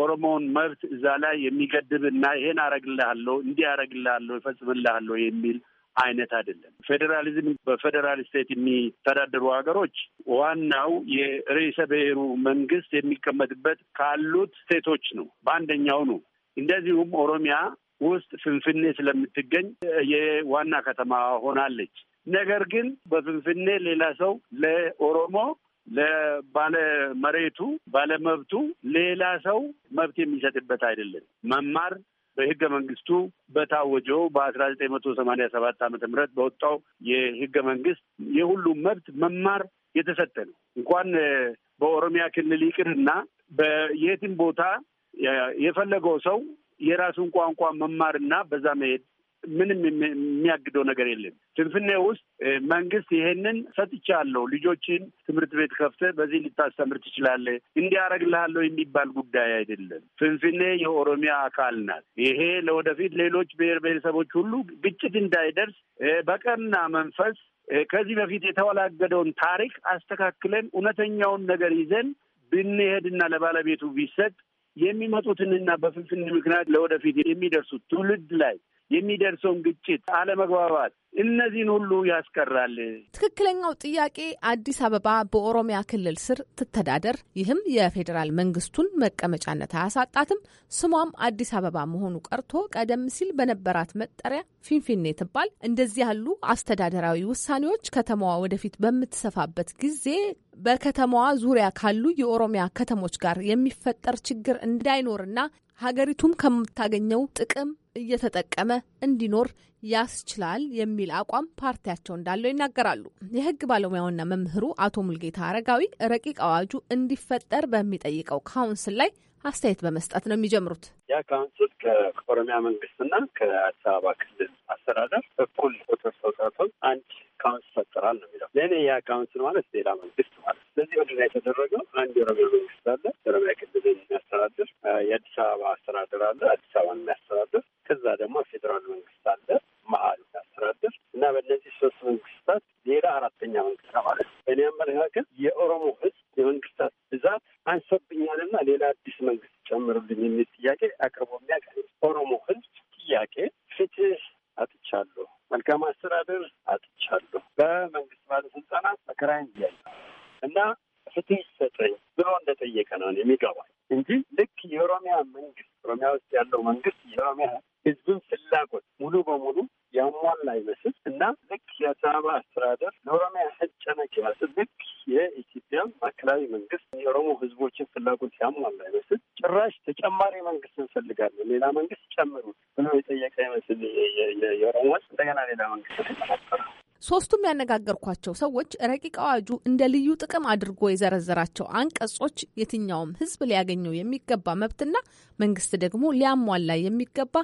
ኦሮሞን መብት እዛ ላይ የሚገድብ እና ይሄን አረግልሃለሁ እንዲህ አረግልሃለሁ ይፈጽምልሃለሁ የሚል አይነት አይደለም። ፌዴራሊዝም በፌዴራል ስቴት የሚተዳደሩ ሀገሮች ዋናው የርዕሰ ብሔሩ መንግስት የሚቀመጥበት ካሉት ስቴቶች ነው፣ በአንደኛው ነው። እንደዚሁም ኦሮሚያ ውስጥ ፍንፍኔ ስለምትገኝ የዋና ከተማ ሆናለች። ነገር ግን በፍንፍኔ ሌላ ሰው ለኦሮሞ ለባለመሬቱ ባለመብቱ ሌላ ሰው መብት የሚሰጥበት አይደለም። መማር በህገ መንግስቱ በታወጀው በአስራ ዘጠኝ መቶ ሰማኒያ ሰባት ዓመተ ምህረት በወጣው የህገ መንግስት የሁሉም መብት መማር የተሰጠ ነው። እንኳን በኦሮሚያ ክልል ይቅርና በየትም ቦታ የፈለገው ሰው የራሱን ቋንቋ መማርና በዛ መሄድ ምንም የሚያግደው ነገር የለም። ስንፍኔ ውስጥ መንግስት ይሄንን ሰጥቻለሁ፣ ልጆችን ትምህርት ቤት ከፍተ በዚህ ልታስተምር ትችላለህ፣ እንዲያረግልሃለሁ የሚባል ጉዳይ አይደለም። ፍንፍኔ የኦሮሚያ አካል ናት። ይሄ ለወደፊት ሌሎች ብሔር ብሔረሰቦች ሁሉ ግጭት እንዳይደርስ በቀና መንፈስ ከዚህ በፊት የተወላገደውን ታሪክ አስተካክለን እውነተኛውን ነገር ይዘን ብንሄድና ለባለቤቱ ቢሰጥ የሚመጡትንና በፍንፍኔ ምክንያት ለወደፊት የሚደርሱት ትውልድ ላይ የሚደርሰውን ግጭት፣ አለመግባባት እነዚህን ሁሉ ያስቀራል። ትክክለኛው ጥያቄ አዲስ አበባ በኦሮሚያ ክልል ስር ትተዳደር፣ ይህም የፌዴራል መንግስቱን መቀመጫነት አያሳጣትም፣ ስሟም አዲስ አበባ መሆኑ ቀርቶ ቀደም ሲል በነበራት መጠሪያ ፊንፊኔ ትባል። እንደዚህ ያሉ አስተዳደራዊ ውሳኔዎች ከተማዋ ወደፊት በምትሰፋበት ጊዜ በከተማዋ ዙሪያ ካሉ የኦሮሚያ ከተሞች ጋር የሚፈጠር ችግር እንዳይኖርና ሀገሪቱም ከምታገኘው ጥቅም እየተጠቀመ እንዲኖር ያስችላል የሚል አቋም ፓርቲያቸው እንዳለው ይናገራሉ። የህግ ባለሙያውና መምህሩ አቶ ሙልጌታ አረጋዊ ረቂቅ አዋጁ እንዲፈጠር በሚጠይቀው ካውንስል ላይ አስተያየት በመስጠት ነው የሚጀምሩት። ያ ካውንስል ከኦሮሚያ መንግስትና ከአዲስ አበባ ክልል አስተዳደር እኩል ቁጥር ሰው ሰጥቶን አንድ ካውንስ ፈጥራል ነው የሚለው። ለእኔ ያ ካውንስል ማለት ሌላ መንግስት ማለት። ስለዚህ ምንድን ነው የተደረገው? አንድ የኦሮሚያ መንግስት አለ፣ የኦሮሚያ ክልል የሚያስተዳድር፣ የአዲስ አበባ አስተዳደር አለ፣ አዲስ አበባ የሚያስተዳድር፣ ከዛ ደግሞ ያነጋገርኳቸው ሰዎች ረቂቅ አዋጁ እንደ ልዩ ጥቅም አድርጎ የዘረዘራቸው አንቀጾች የትኛውም ሕዝብ ሊያገኘው የሚገባ መብትና መንግስት ደግሞ ሊያሟላ የሚገባ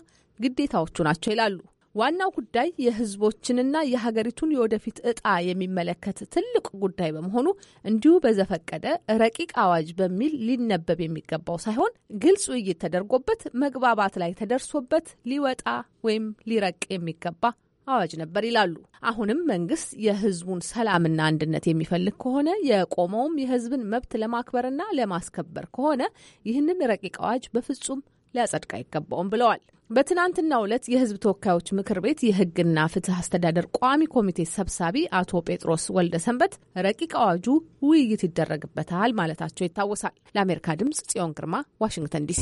ግዴታዎቹ ናቸው ይላሉ። ዋናው ጉዳይ የህዝቦችንና የሀገሪቱን የወደፊት እጣ የሚመለከት ትልቅ ጉዳይ በመሆኑ እንዲሁ በዘፈቀደ ረቂቅ አዋጅ በሚል ሊነበብ የሚገባው ሳይሆን ግልጽ ውይይት ተደርጎበት መግባባት ላይ ተደርሶበት ሊወጣ ወይም ሊረቅ የሚገባ አዋጅ ነበር ይላሉ። አሁንም መንግስት የህዝቡን ሰላምና አንድነት የሚፈልግ ከሆነ የቆመውም የህዝብን መብት ለማክበርና ለማስከበር ከሆነ ይህንን ረቂቅ አዋጅ በፍጹም ሊያጸድቅ አይገባውም ብለዋል። በትናንትናው ዕለት የህዝብ ተወካዮች ምክር ቤት የህግና ፍትህ አስተዳደር ቋሚ ኮሚቴ ሰብሳቢ አቶ ጴጥሮስ ወልደ ሰንበት ረቂቅ አዋጁ ውይይት ይደረግበታል ማለታቸው ይታወሳል። ለአሜሪካ ድምጽ ጽዮን ግርማ ዋሽንግተን ዲሲ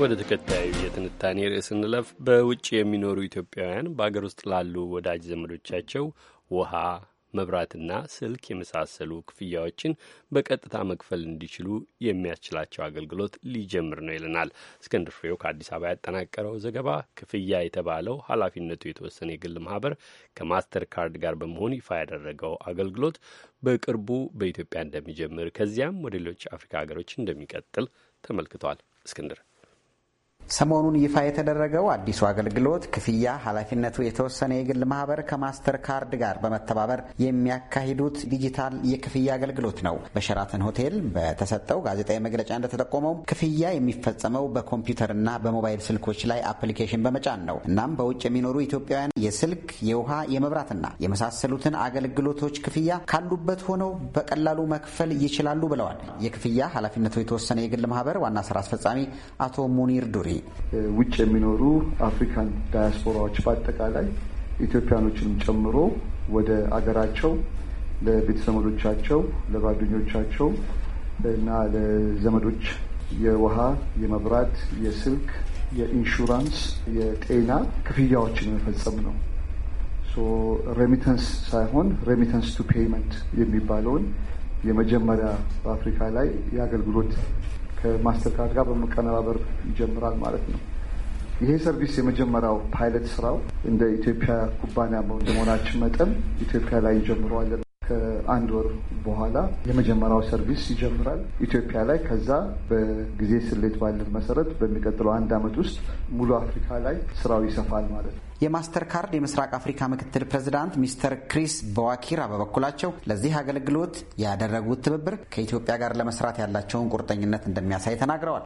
ወደ ተከታዩ የትንታኔ ርዕስ እንለፍ። በውጭ የሚኖሩ ኢትዮጵያውያን በአገር ውስጥ ላሉ ወዳጅ ዘመዶቻቸው ውሃ፣ መብራትና ስልክ የመሳሰሉ ክፍያዎችን በቀጥታ መክፈል እንዲችሉ የሚያስችላቸው አገልግሎት ሊጀምር ነው ይለናል እስክንድር ፍሬው ከአዲስ አበባ ያጠናቀረው ዘገባ። ክፍያ የተባለው ኃላፊነቱ የተወሰነ የግል ማህበር ከማስተር ካርድ ጋር በመሆን ይፋ ያደረገው አገልግሎት በቅርቡ በኢትዮጵያ እንደሚጀምር ከዚያም ወደ ሌሎች አፍሪካ ሀገሮች እንደሚቀጥል ተመልክቷል። እስክንድር ሰሞኑን ይፋ የተደረገው አዲሱ አገልግሎት ክፍያ ኃላፊነቱ የተወሰነ የግል ማህበር ከማስተር ካርድ ጋር በመተባበር የሚያካሂዱት ዲጂታል የክፍያ አገልግሎት ነው። በሸራተን ሆቴል በተሰጠው ጋዜጣዊ መግለጫ እንደተጠቆመው ክፍያ የሚፈጸመው በኮምፒውተርና በሞባይል ስልኮች ላይ አፕሊኬሽን በመጫን ነው። እናም በውጭ የሚኖሩ ኢትዮጵያውያን የስልክ፣ የውሃ፣ የመብራትና የመሳሰሉትን አገልግሎቶች ክፍያ ካሉበት ሆነው በቀላሉ መክፈል ይችላሉ ብለዋል። የክፍያ ኃላፊነቱ የተወሰነ የግል ማህበር ዋና ስራ አስፈጻሚ አቶ ሙኒር ዱሪ ውጭ የሚኖሩ አፍሪካን ዳያስፖራዎች በአጠቃላይ ኢትዮጵያኖችንም ጨምሮ ወደ አገራቸው ለቤተሰቦቻቸው፣ ለጓደኞቻቸው እና ለዘመዶች የውሃ፣ የመብራት፣ የስልክ፣ የኢንሹራንስ፣ የጤና ክፍያዎችን መፈጸም ነው። ሬሚተንስ ሳይሆን ሬሚተንስ ቱ ፔይመንት የሚባለውን የመጀመሪያ በአፍሪካ ላይ የአገልግሎት ከማስተርካርድ ጋር በመቀነባበር ይጀምራል ማለት ነው። ይሄ ሰርቪስ የመጀመሪያው ፓይለት ስራው እንደ ኢትዮጵያ ኩባንያ በመሆናችን መጠን ኢትዮጵያ ላይ እንጀምረዋለን። ከአንድ ወር በኋላ የመጀመሪያው ሰርቪስ ይጀምራል ኢትዮጵያ ላይ። ከዛ በጊዜ ስሌት ባለን መሰረት በሚቀጥለው አንድ ዓመት ውስጥ ሙሉ አፍሪካ ላይ ስራው ይሰፋል ማለት ነው። የማስተር ካርድ የምስራቅ አፍሪካ ምክትል ፕሬዚዳንት ሚስተር ክሪስ በዋኪራ በበኩላቸው ለዚህ አገልግሎት ያደረጉት ትብብር ከኢትዮጵያ ጋር ለመስራት ያላቸውን ቁርጠኝነት እንደሚያሳይ ተናግረዋል።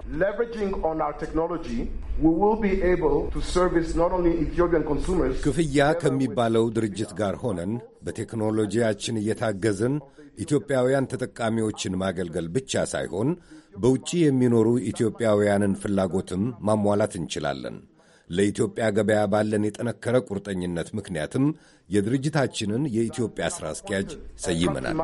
ክፍያ ከሚባለው ድርጅት ጋር ሆነን በቴክኖሎጂያችን እየታገዝን ኢትዮጵያውያን ተጠቃሚዎችን ማገልገል ብቻ ሳይሆን በውጭ የሚኖሩ ኢትዮጵያውያንን ፍላጎትም ማሟላት እንችላለን። ለኢትዮጵያ ገበያ ባለን የጠነከረ ቁርጠኝነት ምክንያትም የድርጅታችንን የኢትዮጵያ ስራ አስኪያጅ ሰይመናል።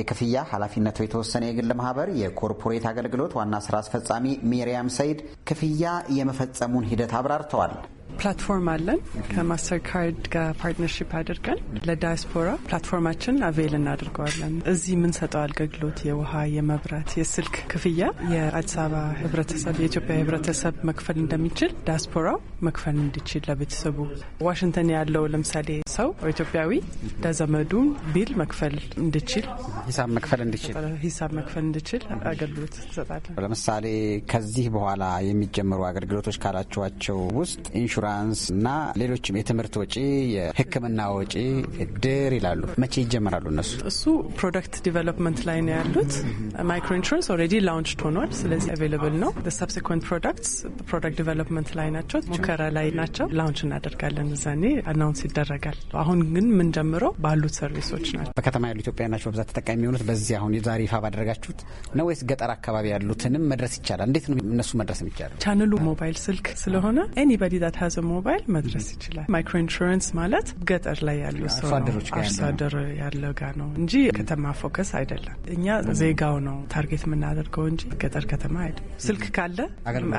የክፍያ ኃላፊነቱ የተወሰነ የግል ማህበር የኮርፖሬት አገልግሎት ዋና ስራ አስፈጻሚ ሚሪያም ሰይድ ክፍያ የመፈጸሙን ሂደት አብራርተዋል። ፕላትፎርም አለን ከማስተር ካርድ ጋር ፓርትነርሽፕ አድርገን ለዳያስፖራ ፕላትፎርማችን አቬል እናድርገዋለን። እዚህ የምንሰጠው አገልግሎት የውሃ፣ የመብራት፣ የስልክ ክፍያ የአዲስ አበባ ህብረተሰብ፣ የኢትዮጵያ ህብረተሰብ መክፈል እንደሚችል ዳያስፖራው መክፈል እንዲችል ለቤተሰቡ ዋሽንግተን ያለው ለምሳሌ ሰው ኢትዮጵያዊ ለዘመዱ ቢል መክፈል እንዲችል ሂሳብ መክፈል እንዲችል ሂሳብ መክፈል እንዲችል አገልግሎት እንሰጣለን። ለምሳሌ ከዚህ በኋላ የሚጀምሩ አገልግሎቶች ካላችኋቸው ውስጥ ኢንሹ ኢንሹራንስ እና ሌሎችም የትምህርት ወጪ፣ የሕክምና ወጪ እድር ይላሉ። መቼ ይጀምራሉ እነሱ? እሱ ፕሮዳክት ዲቨሎፕመንት ላይ ነው ያሉት። ማይክሮ ኢንሹራንስ ኦልሬዲ ላውንች ሆኗል። ስለዚህ አቬይለብል ነው። ሰብሲኮንት ፕሮዳክትስ ፕሮዳክት ዲቨሎፕመንት ላይ ናቸው፣ ሙከራ ላይ ናቸው። ላውንች እናደርጋለን። እዛኔ አናውንስ ይደረጋል። አሁን ግን ምን ጀምሮ ባሉት ሰርቪሶች ናቸው። በከተማ ያሉ ኢትዮጵያ ናቸው በብዛት ተጠቃሚ የሚሆኑት። በዚህ አሁን ዛሬ ይፋ ባደረጋችሁት ነው ወይስ ገጠር አካባቢ ያሉትንም መድረስ ይቻላል? እንዴት ነው እነሱ መድረስ የሚቻለው? ቻንሉ ሞባይል ስልክ ስለሆነ ኤኒባዲ ሀ በያዘ ሞባይል መድረስ ይችላል። ማይክሮ ኢንሹራንስ ማለት ገጠር ላይ ያሉ ሰው አርሶ አደር ያለ ጋ ነው እንጂ ከተማ ፎከስ አይደለም። እኛ ዜጋው ነው ታርጌት የምናደርገው እንጂ ገጠር ከተማ አይደለም። ስልክ ካለ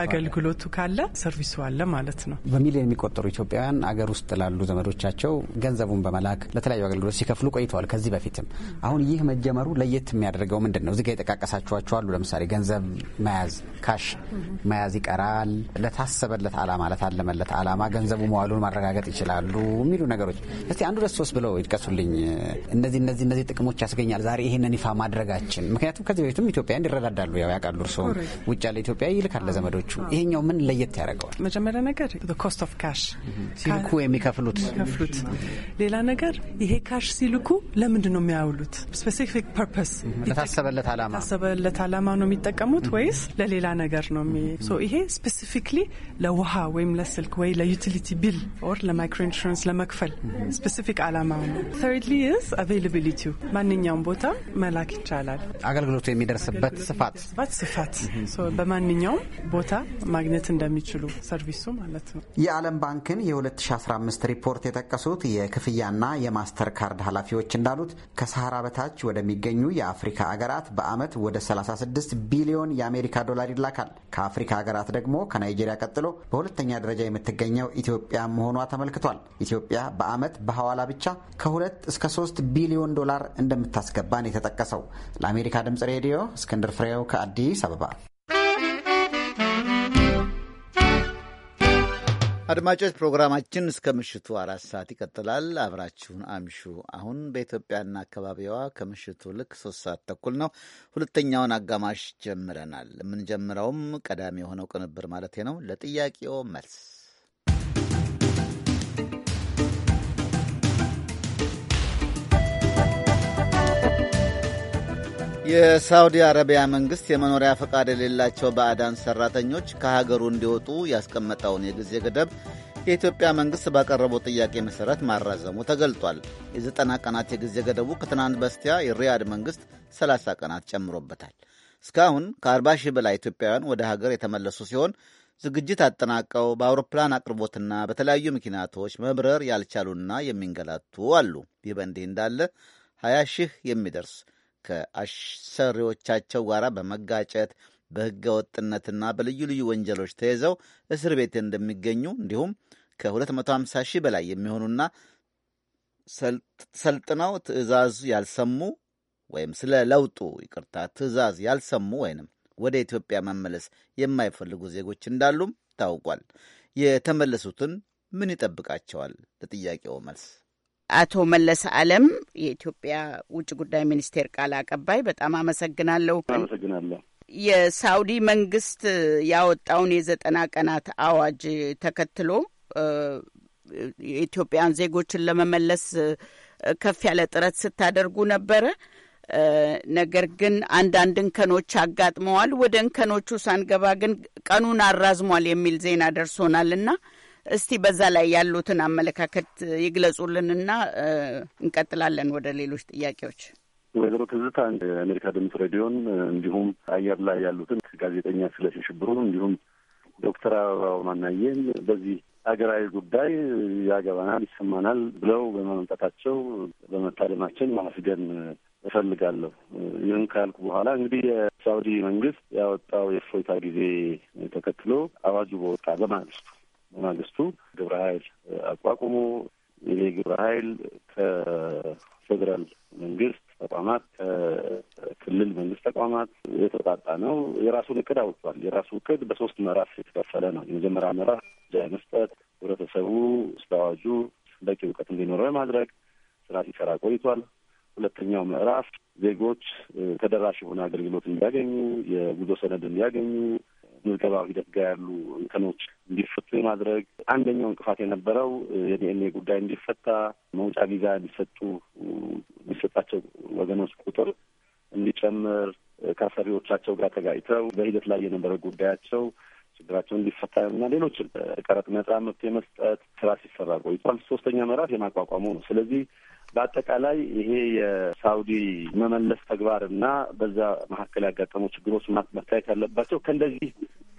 አገልግሎቱ ካለ ሰርቪሱ አለ ማለት ነው። በሚሊዮን የሚቆጠሩ ኢትዮጵያውያን አገር ውስጥ ላሉ ዘመዶቻቸው ገንዘቡን በመላክ ለተለያዩ አገልግሎት ሲከፍሉ ቆይተዋል። ከዚህ በፊትም አሁን ይህ መጀመሩ ለየት የሚያደርገው ምንድን ነው? እዚጋ የጠቃቀሳችኋቸው አሉ። ለምሳሌ ገንዘብ መያዝ ካሽ መያዝ ይቀራል። ለታሰበለት አላማ ለታለመለት ዓላማ ገንዘቡ መዋሉን ማረጋገጥ ይችላሉ የሚሉ ነገሮች እስቲ አንድ ሁለት ሶስት ብለው ይጥቀሱልኝ። እነዚህ እነዚህ እነዚህ ጥቅሞች ያስገኛል ዛሬ ይህንን ይፋ ማድረጋችን። ምክንያቱም ከዚህ በፊትም ኢትዮጵያን ይረዳዳሉ ያው ያውቃሉ፣ እርስዎም ውጭ ያለ ኢትዮጵያ ይልካል ለዘመዶቹ። ይሄኛው ምን ለየት ያደርገዋል? መጀመሪያ ነገር ኮስት ኦፍ ካሽ ሲልኩ የሚከፍሉት ሚከፍሉት ሌላ ነገር ይሄ ካሽ ሲልኩ ለምንድን ነው የሚያውሉት? ስፔሲፊክ ፐርፐስ ለታሰበለት ዓላማ ታሰበለት ዓላማ ነው የሚጠቀሙት ወይስ ለሌላ ነገር ነው? ይሄ ስፔሲፊክሊ ለውሃ ወይም ለስልክ ወይ ለዩቲሊቲ ቢል ኦር ለማይክሮ ኢንሹራንስ ለመክፈል ስፔሲፊክ አላማ ነው። ተርድሊ ስ አቬይላቢሊቲው ማንኛውም ቦታ መላክ ይቻላል። አገልግሎቱ የሚደርስበት ስፋት ስፋት በማንኛውም ቦታ ማግኘት እንደሚችሉ ሰርቪሱ ማለት ነው። የዓለም ባንክን የ2015 ሪፖርት የጠቀሱት የክፍያና የማስተር ካርድ ኃላፊዎች እንዳሉት ከሰሃራ በታች ወደሚገኙ የአፍሪካ አገራት በዓመት ወደ 36 ቢሊዮን የአሜሪካ ዶላር ይላካል። ከአፍሪካ ሀገራት ደግሞ ከናይጄሪያ ቀጥሎ በሁለተኛ ደረጃ የምትገ የምትገኘው ኢትዮጵያ መሆኗ ተመልክቷል። ኢትዮጵያ በዓመት በሐዋላ ብቻ ከሁለት እስከ ሶስት ቢሊዮን ዶላር እንደምታስገባን የተጠቀሰው። ለአሜሪካ ድምጽ ሬዲዮ እስክንድር ፍሬው ከአዲስ አበባ። አድማጮች ፕሮግራማችን እስከ ምሽቱ አራት ሰዓት ይቀጥላል። አብራችሁን አምሹ። አሁን በኢትዮጵያና አካባቢዋ ከምሽቱ ልክ ሶስት ሰዓት ተኩል ነው። ሁለተኛውን አጋማሽ ጀምረናል። የምንጀምረውም ቀዳሚ የሆነው ቅንብር ማለት ነው ለጥያቄው መልስ የሳውዲ አረቢያ መንግስት የመኖሪያ ፈቃድ የሌላቸው ባዕዳን ሠራተኞች ከሀገሩ እንዲወጡ ያስቀመጠውን የጊዜ ገደብ የኢትዮጵያ መንግሥት ባቀረበው ጥያቄ መሠረት ማራዘሙ ተገልጧል። የዘጠና ቀናት የጊዜ ገደቡ ከትናንት በስቲያ የሪያድ መንግሥት 30 ቀናት ጨምሮበታል። እስካሁን ከ40 ሺህ በላይ ኢትዮጵያውያን ወደ ሀገር የተመለሱ ሲሆን ዝግጅት አጠናቀው በአውሮፕላን አቅርቦትና በተለያዩ ምክንያቶች መብረር ያልቻሉና የሚንገላቱ አሉ። ይህ በእንዲህ እንዳለ 20 ሺህ የሚደርስ ከአሰሪዎቻቸው ጋር በመጋጨት በሕገ ወጥነትና በልዩ ልዩ ወንጀሎች ተይዘው እስር ቤት እንደሚገኙ እንዲሁም ከ250 ሺህ በላይ የሚሆኑና ሰልጥነው ትዕዛዝ ያልሰሙ ወይም ስለ ለውጡ ይቅርታ ትዕዛዝ ያልሰሙ ወይንም ወደ ኢትዮጵያ መመለስ የማይፈልጉ ዜጎች እንዳሉም ታውቋል። የተመለሱትን ምን ይጠብቃቸዋል? ለጥያቄው መልስ አቶ መለስ አለም የኢትዮጵያ ውጭ ጉዳይ ሚኒስቴር ቃል አቀባይ፣ በጣም አመሰግናለሁ። አመሰግናለሁ። የሳውዲ መንግስት ያወጣውን የዘጠና ቀናት አዋጅ ተከትሎ የኢትዮጵያን ዜጎችን ለመመለስ ከፍ ያለ ጥረት ስታደርጉ ነበረ። ነገር ግን አንዳንድ እንከኖች አጋጥመዋል። ወደ እንከኖቹ ሳንገባ ግን ቀኑን አራዝሟል የሚል ዜና ደርሶናል እና እስቲ በዛ ላይ ያሉትን አመለካከት ይግለጹልንና እንቀጥላለን ወደ ሌሎች ጥያቄዎች። ወይዘሮ ትዝታ የአሜሪካ ድምፅ ሬዲዮን እንዲሁም አየር ላይ ያሉትን ጋዜጠኛ ስለሺ ሽብሩን እንዲሁም ዶክተር አበባው ማናየን በዚህ አገራዊ ጉዳይ ያገባናል፣ ይሰማናል ብለው በመምጣታቸው በመታደማችን ማመስገን እፈልጋለሁ። ይህን ካልኩ በኋላ እንግዲህ የሳውዲ መንግስት ያወጣው የእፎይታ ጊዜ ተከትሎ አዋጁ በወጣ በማግስቱ መንግስቱ ግብረ ኃይል አቋቁሞ ይሄ ግብረ ኃይል ከፌዴራል መንግስት ተቋማት ከክልል መንግስት ተቋማት የተጣጣ ነው። የራሱን እቅድ አውጥቷል። የራሱ እቅድ በሶስት ምዕራፍ የተከፈለ ነው። የመጀመሪያ ምዕራፍ ጃ መስጠት ህብረተሰቡ ስለ አዋጁ በቂ እውቀት እንዲኖረው የማድረግ ስራ ሲሰራ ቆይቷል። ሁለተኛው ምዕራፍ ዜጎች ተደራሽ የሆነ አገልግሎት እንዲያገኙ፣ የጉዞ ሰነድ እንዲያገኙ፣ ምዝገባው ሂደት ጋር ያሉ እንትኖች እንዲፈቱ የማድረግ አንደኛው እንቅፋት የነበረው የዲኤንኤ ጉዳይ እንዲፈታ መውጫ ቪዛ እንዲሰጡ የሚሰጣቸው ወገኖች ቁጥር እንዲጨምር ከአሰሪዎቻቸው ጋር ተጋጭተው በሂደት ላይ የነበረ ጉዳያቸው ችግራቸው እንዲፈታ እና ሌሎችም ቀረጥ ነጻ መብት የመስጠት ስራ ሲሰራ ቆይቷል። ሶስተኛ ምዕራፍ የማቋቋሙ ነው። ስለዚህ በአጠቃላይ ይሄ የሳውዲ መመለስ ተግባር እና በዛ መካከል ያጋጠሙ ችግሮች መታየት ያለባቸው ከእንደዚህ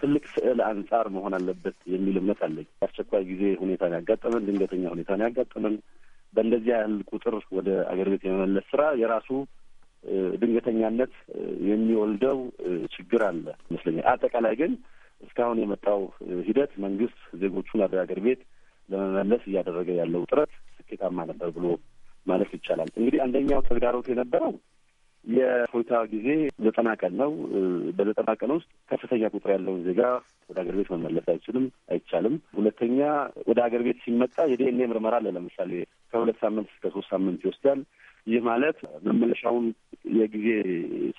ትልቅ ስዕል አንጻር መሆን አለበት የሚል እምነት አለኝ። አስቸኳይ ጊዜ ነው ያጋጠመን፣ ድንገተኛ ነው ያጋጠመን በእንደዚህ ያህል ቁጥር ወደ አገር ቤት የመመለስ ስራ የራሱ ድንገተኛነት የሚወልደው ችግር አለ ይመስለኛል። አጠቃላይ ግን እስካሁን የመጣው ሂደት መንግስት ዜጎቹን ወደ አገር ቤት ለመመለስ እያደረገ ያለው ጥረት ስኬታማ ነበር ብሎ ማለት ይቻላል። እንግዲህ አንደኛው ተግዳሮት የነበረው የፎይታ ጊዜ ዘጠና ቀን ነው። በዘጠና ቀን ውስጥ ከፍተኛ ቁጥር ያለውን ዜጋ ወደ ሀገር ቤት መመለስ አይችልም አይቻልም። ሁለተኛ ወደ ሀገር ቤት ሲመጣ የዲኤንኤ ምርመራ አለ። ለምሳሌ ከሁለት ሳምንት እስከ ሶስት ሳምንት ይወስዳል። ይህ ማለት መመለሻውን የጊዜ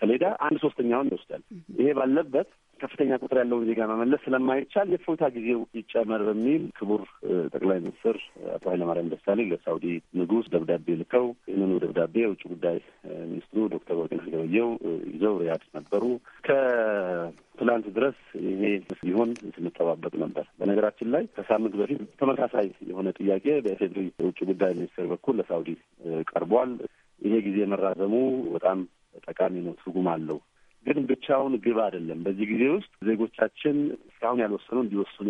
ሰሌዳ አንድ ሶስተኛውን ይወስዳል። ይሄ ባለበት ከፍተኛ ቁጥር ያለውን ዜጋ መመለስ ስለማይቻል የፎታ ጊዜው ይጨመር በሚል ክቡር ጠቅላይ ሚኒስትር አቶ ኃይለማርያም ደሳለኝ ለሳውዲ ንጉስ ደብዳቤ ልከው ይህንኑ ደብዳቤ የውጭ ጉዳይ ሚኒስትሩ ዶክተር ወርቅነህ ገበየሁ ይዘው ሪያድ ነበሩ። ከትላንት ድረስ ይሄ ሲሆን ስንጠባበቅ ነበር። በነገራችን ላይ ከሳምንት በፊት ተመሳሳይ የሆነ ጥያቄ በኢፌዴሪ የውጭ ጉዳይ ሚኒስቴር በኩል ለሳውዲ ቀርቧል። ይሄ ጊዜ መራዘሙ በጣም ጠቃሚ ነው፣ ትርጉም አለው ግን ብቻውን ግብ አይደለም። በዚህ ጊዜ ውስጥ ዜጎቻችን እስካሁን ያልወሰኑ እንዲወስኑ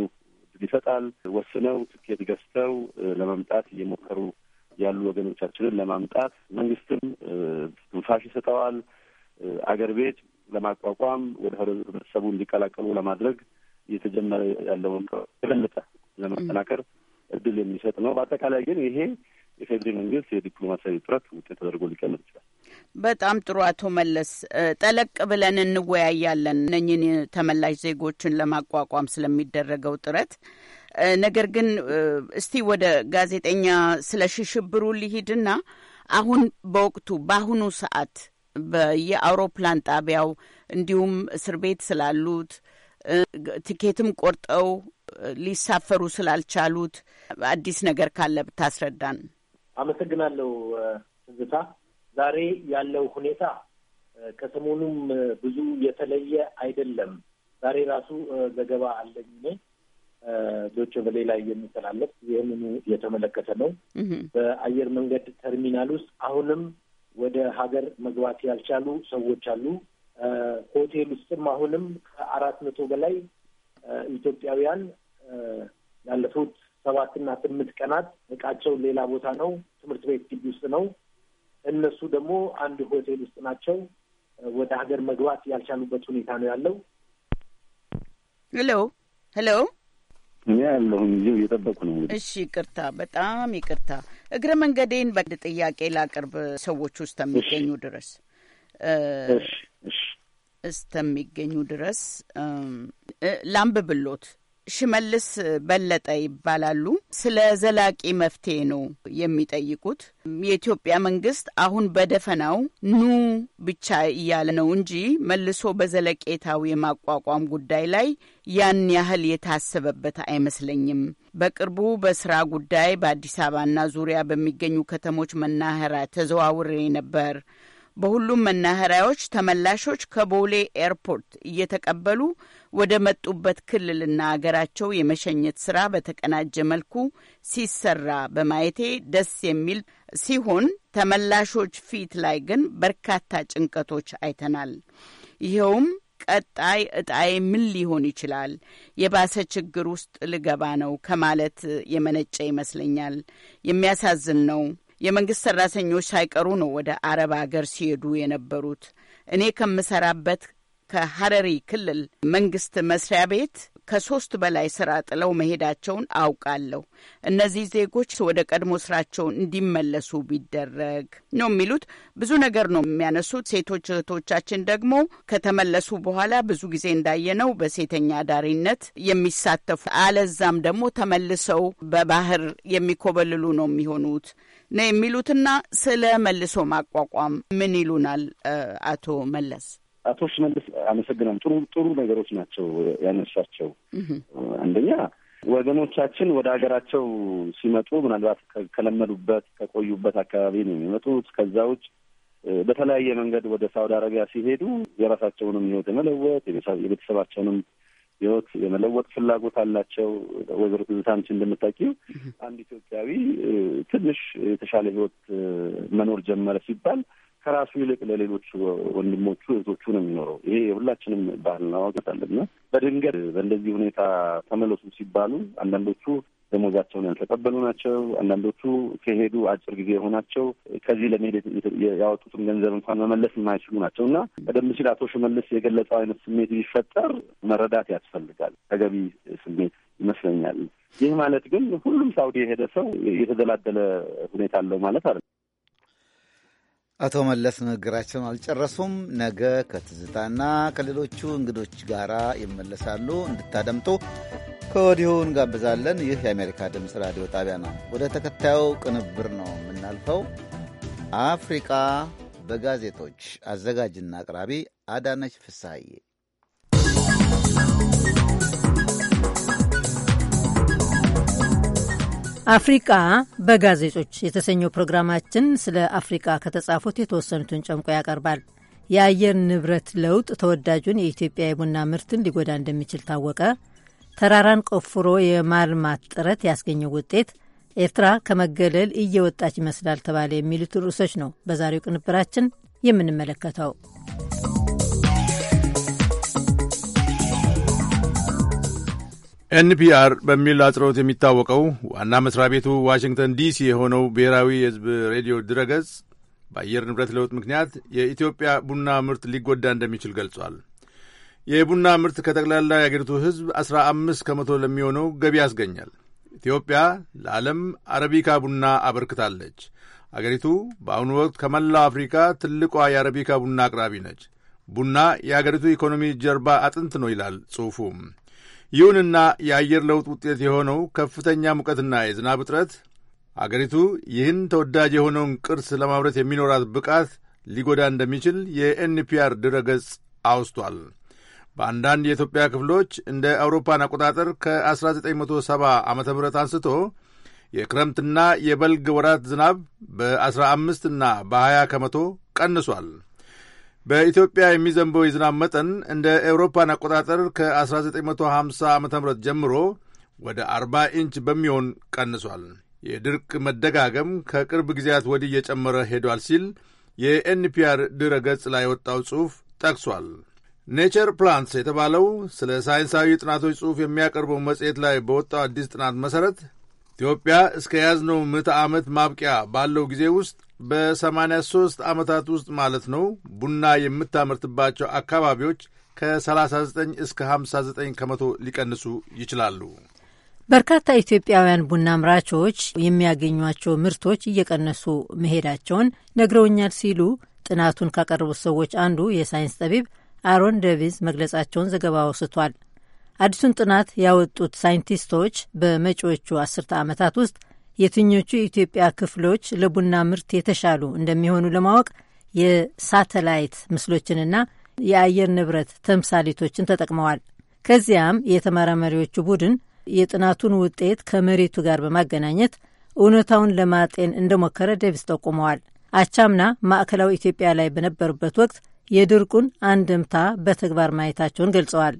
ይሰጣል። ወስነው ትኬት ገዝተው ለመምጣት እየሞከሩ ያሉ ወገኖቻችንን ለማምጣት መንግስትም ትንፋሽ ይሰጠዋል። አገር ቤት ለማቋቋም ወደ ህብረተሰቡ እንዲቀላቀሉ ለማድረግ እየተጀመረ ያለውን የበለጠ ለመጠናከር እድል የሚሰጥ ነው። በአጠቃላይ ግን ይሄ የፌዴሪ መንግስት የዲፕሎማሲያዊ ጥረት ውጤት ተደርጎ ሊቀመጥ ይችላል። በጣም ጥሩ አቶ መለስ፣ ጠለቅ ብለን እንወያያለን እነኝን ተመላሽ ዜጎችን ለማቋቋም ስለሚደረገው ጥረት። ነገር ግን እስቲ ወደ ጋዜጠኛ ስለ ሽሽብሩ ሊሂድና አሁን በወቅቱ በአሁኑ ሰዓት በየአውሮፕላን ጣቢያው እንዲሁም እስር ቤት ስላሉት ትኬትም ቆርጠው ሊሳፈሩ ስላልቻሉት አዲስ ነገር ካለ ብታስረዳን። አመሰግናለሁ ትዝታ። ዛሬ ያለው ሁኔታ ከሰሞኑም ብዙ የተለየ አይደለም። ዛሬ ራሱ ዘገባ አለኝ እኔ ዶች በሌ ላይ የሚተላለፍ ይህንኑ የተመለከተ ነው። በአየር መንገድ ተርሚናል ውስጥ አሁንም ወደ ሀገር መግባት ያልቻሉ ሰዎች አሉ። ሆቴል ውስጥም አሁንም ከአራት መቶ በላይ ኢትዮጵያውያን ላለፉት ሰባትና ስምንት ቀናት እቃቸው ሌላ ቦታ ነው፣ ትምህርት ቤት ግቢ ውስጥ ነው እነሱ ደግሞ አንድ ሆቴል ውስጥ ናቸው። ወደ ሀገር መግባት ያልቻሉበት ሁኔታ ነው ያለው። ሄሎ ሄሎ፣ እኔ ያለሁ ጊዜ እየጠበቅኩ ነው። እሺ፣ ይቅርታ፣ በጣም ይቅርታ። እግረ መንገዴን በአንድ ጥያቄ ላቅርብ ሰዎች እስከሚገኙ ድረስ እስተሚገኙ ድረስ ላምብ ብሎት ሽመልስ በለጠ ይባላሉ። ስለ ዘላቂ መፍትሄ ነው የሚጠይቁት። የኢትዮጵያ መንግስት አሁን በደፈናው ኑ ብቻ እያለ ነው እንጂ መልሶ በዘለቄታው የማቋቋም ጉዳይ ላይ ያን ያህል የታሰበበት አይመስለኝም። በቅርቡ በስራ ጉዳይ በአዲስ አበባና ዙሪያ በሚገኙ ከተሞች መናኸሪያ ተዘዋውሬ ነበር። በሁሉም መናኸሪያዎች ተመላሾች ከቦሌ ኤርፖርት እየተቀበሉ ወደ መጡበት ክልልና አገራቸው የመሸኘት ስራ በተቀናጀ መልኩ ሲሰራ በማየቴ ደስ የሚል ሲሆን ተመላሾች ፊት ላይ ግን በርካታ ጭንቀቶች አይተናል። ይኸውም ቀጣይ እጣዬ ምን ሊሆን ይችላል? የባሰ ችግር ውስጥ ልገባ ነው ከማለት የመነጨ ይመስለኛል። የሚያሳዝን ነው። የመንግስት ሰራተኞች ሳይቀሩ ነው ወደ አረብ አገር ሲሄዱ የነበሩት። እኔ ከምሰራበት ከሐረሪ ክልል መንግስት መስሪያ ቤት ከሶስት በላይ ስራ ጥለው መሄዳቸውን አውቃለሁ። እነዚህ ዜጎች ወደ ቀድሞ ስራቸው እንዲመለሱ ቢደረግ ነው የሚሉት። ብዙ ነገር ነው የሚያነሱት። ሴቶች እህቶቻችን ደግሞ ከተመለሱ በኋላ ብዙ ጊዜ እንዳየነው በሴተኛ አዳሪነት የሚሳተፉ አለዛም ደግሞ ተመልሰው በባህር የሚኮበልሉ ነው የሚሆኑት ነው የሚሉትና ስለ መልሶ ማቋቋም ምን ይሉናል አቶ መለስ? አቶ ሽመልስ አመሰግናለሁ። ጥሩ ጥሩ ነገሮች ናቸው ያነሳቸው። አንደኛ ወገኖቻችን ወደ ሀገራቸው ሲመጡ ምናልባት ከለመዱበት ከቆዩበት አካባቢ ነው የሚመጡት። ከዛ ውጭ በተለያየ መንገድ ወደ ሳውዲ አረቢያ ሲሄዱ የራሳቸውንም ህይወት የመለወጥ የቤተሰባቸውንም ህይወት የመለወጥ ፍላጎት አላቸው። ወይዘሮ ትዝታንች እንደምታውቂው አንድ ኢትዮጵያዊ ትንሽ የተሻለ ህይወት መኖር ጀመረ ሲባል ከራሱ ይልቅ ለሌሎች ወንድሞቹ እህቶቹ ነው የሚኖረው። ይሄ የሁላችንም ባህል ወግ አለና በድንገት በእንደዚህ ሁኔታ ተመለሱ ሲባሉ አንዳንዶቹ ደሞዛቸውን ያልተቀበሉ ናቸው። አንዳንዶቹ ከሄዱ አጭር ጊዜ የሆናቸው ከዚህ ለመሄድ ያወጡትን ገንዘብ እንኳን መመለስ የማይችሉ ናቸው እና ቀደም ሲል አቶ ሽመልስ የገለጸው አይነት ስሜት ቢፈጠር መረዳት ያስፈልጋል። ተገቢ ስሜት ይመስለኛል። ይህ ማለት ግን ሁሉም ሳውዲ የሄደ ሰው የተደላደለ ሁኔታ አለው ማለት አለ አቶ መለስ ንግግራቸውን አልጨረሱም። ነገ ከትዝታና ከሌሎቹ እንግዶች ጋር ይመለሳሉ። እንድታደምጡ ከወዲሁ እንጋብዛለን። ይህ የአሜሪካ ድምፅ ራዲዮ ጣቢያ ነው። ወደ ተከታዩ ቅንብር ነው የምናልፈው። አፍሪቃ በጋዜጦች አዘጋጅና አቅራቢ አዳነች ፍሳዬ አፍሪቃ በጋዜጦች የተሰኘው ፕሮግራማችን ስለ አፍሪቃ ከተጻፉት የተወሰኑትን ጨምቆ ያቀርባል። የአየር ንብረት ለውጥ ተወዳጁን የኢትዮጵያ የቡና ምርትን ሊጎዳ እንደሚችል ታወቀ፣ ተራራን ቆፍሮ የማልማት ጥረት ያስገኘው ውጤት፣ ኤርትራ ከመገለል እየወጣች ይመስላል ተባለ የሚሉት ርዕሶች ነው በዛሬው ቅንብራችን የምንመለከተው። ኤንፒአር በሚል አጽሮት የሚታወቀው ዋና መስሪያ ቤቱ ዋሽንግተን ዲሲ የሆነው ብሔራዊ የህዝብ ሬዲዮ ድረገጽ በአየር ንብረት ለውጥ ምክንያት የኢትዮጵያ ቡና ምርት ሊጎዳ እንደሚችል ገልጿል። የቡና ምርት ከጠቅላላ የአገሪቱ ህዝብ 15 ከመቶ ለሚሆነው ገቢ ያስገኛል። ኢትዮጵያ ለዓለም አረቢካ ቡና አበርክታለች። አገሪቱ በአሁኑ ወቅት ከመላው አፍሪካ ትልቋ የአረቢካ ቡና አቅራቢ ነች። ቡና የአገሪቱ ኢኮኖሚ ጀርባ አጥንት ነው ይላል ጽሑፉም። ይሁንና የአየር ለውጥ ውጤት የሆነው ከፍተኛ ሙቀትና የዝናብ እጥረት አገሪቱ ይህን ተወዳጅ የሆነውን ቅርስ ለማምረት የሚኖራት ብቃት ሊጎዳ እንደሚችል የኤንፒአር ድረገጽ አውስቷል። በአንዳንድ የኢትዮጵያ ክፍሎች እንደ አውሮፓን አቆጣጠር ከ1970 ዓ ም አንስቶ የክረምትና የበልግ ወራት ዝናብ በ15 እና በ20 ከመቶ ቀንሷል። በኢትዮጵያ የሚዘንበው የዝናብ መጠን እንደ ኤውሮፓን አቆጣጠር ከ1950 ዓ ም ጀምሮ ወደ 40 ኢንች በሚሆን ቀንሷል። የድርቅ መደጋገም ከቅርብ ጊዜያት ወዲህ እየጨመረ ሄዷል ሲል የኤንፒአር ድረ ገጽ ላይ የወጣው ጽሑፍ ጠቅሷል። ኔቸር ፕላንትስ የተባለው ስለ ሳይንሳዊ ጥናቶች ጽሑፍ የሚያቀርበው መጽሔት ላይ በወጣው አዲስ ጥናት መሠረት ኢትዮጵያ እስከ ያዝነው ምዕተ ዓመት ማብቂያ ባለው ጊዜ ውስጥ በ83 ዓመታት ውስጥ ማለት ነው ቡና የምታመርትባቸው አካባቢዎች ከ39 እስከ 59 ከመቶ ሊቀንሱ ይችላሉ። በርካታ ኢትዮጵያውያን ቡና አምራቾች የሚያገኟቸው ምርቶች እየቀነሱ መሄዳቸውን ነግረውኛል ሲሉ ጥናቱን ካቀረቡት ሰዎች አንዱ የሳይንስ ጠቢብ አሮን ደቪዝ መግለጻቸውን ዘገባ አውስቷል። አዲሱን ጥናት ያወጡት ሳይንቲስቶች በመጪዎቹ አስርተ ዓመታት ውስጥ የትኞቹ የኢትዮጵያ ክፍሎች ለቡና ምርት የተሻሉ እንደሚሆኑ ለማወቅ የሳተላይት ምስሎችንና የአየር ንብረት ተምሳሌቶችን ተጠቅመዋል። ከዚያም የተመራማሪዎቹ ቡድን የጥናቱን ውጤት ከመሬቱ ጋር በማገናኘት እውነታውን ለማጤን እንደሞከረ ዴቪስ ጠቁመዋል። አቻምና ማዕከላዊ ኢትዮጵያ ላይ በነበሩበት ወቅት የድርቁን አንድምታ በተግባር ማየታቸውን ገልጸዋል።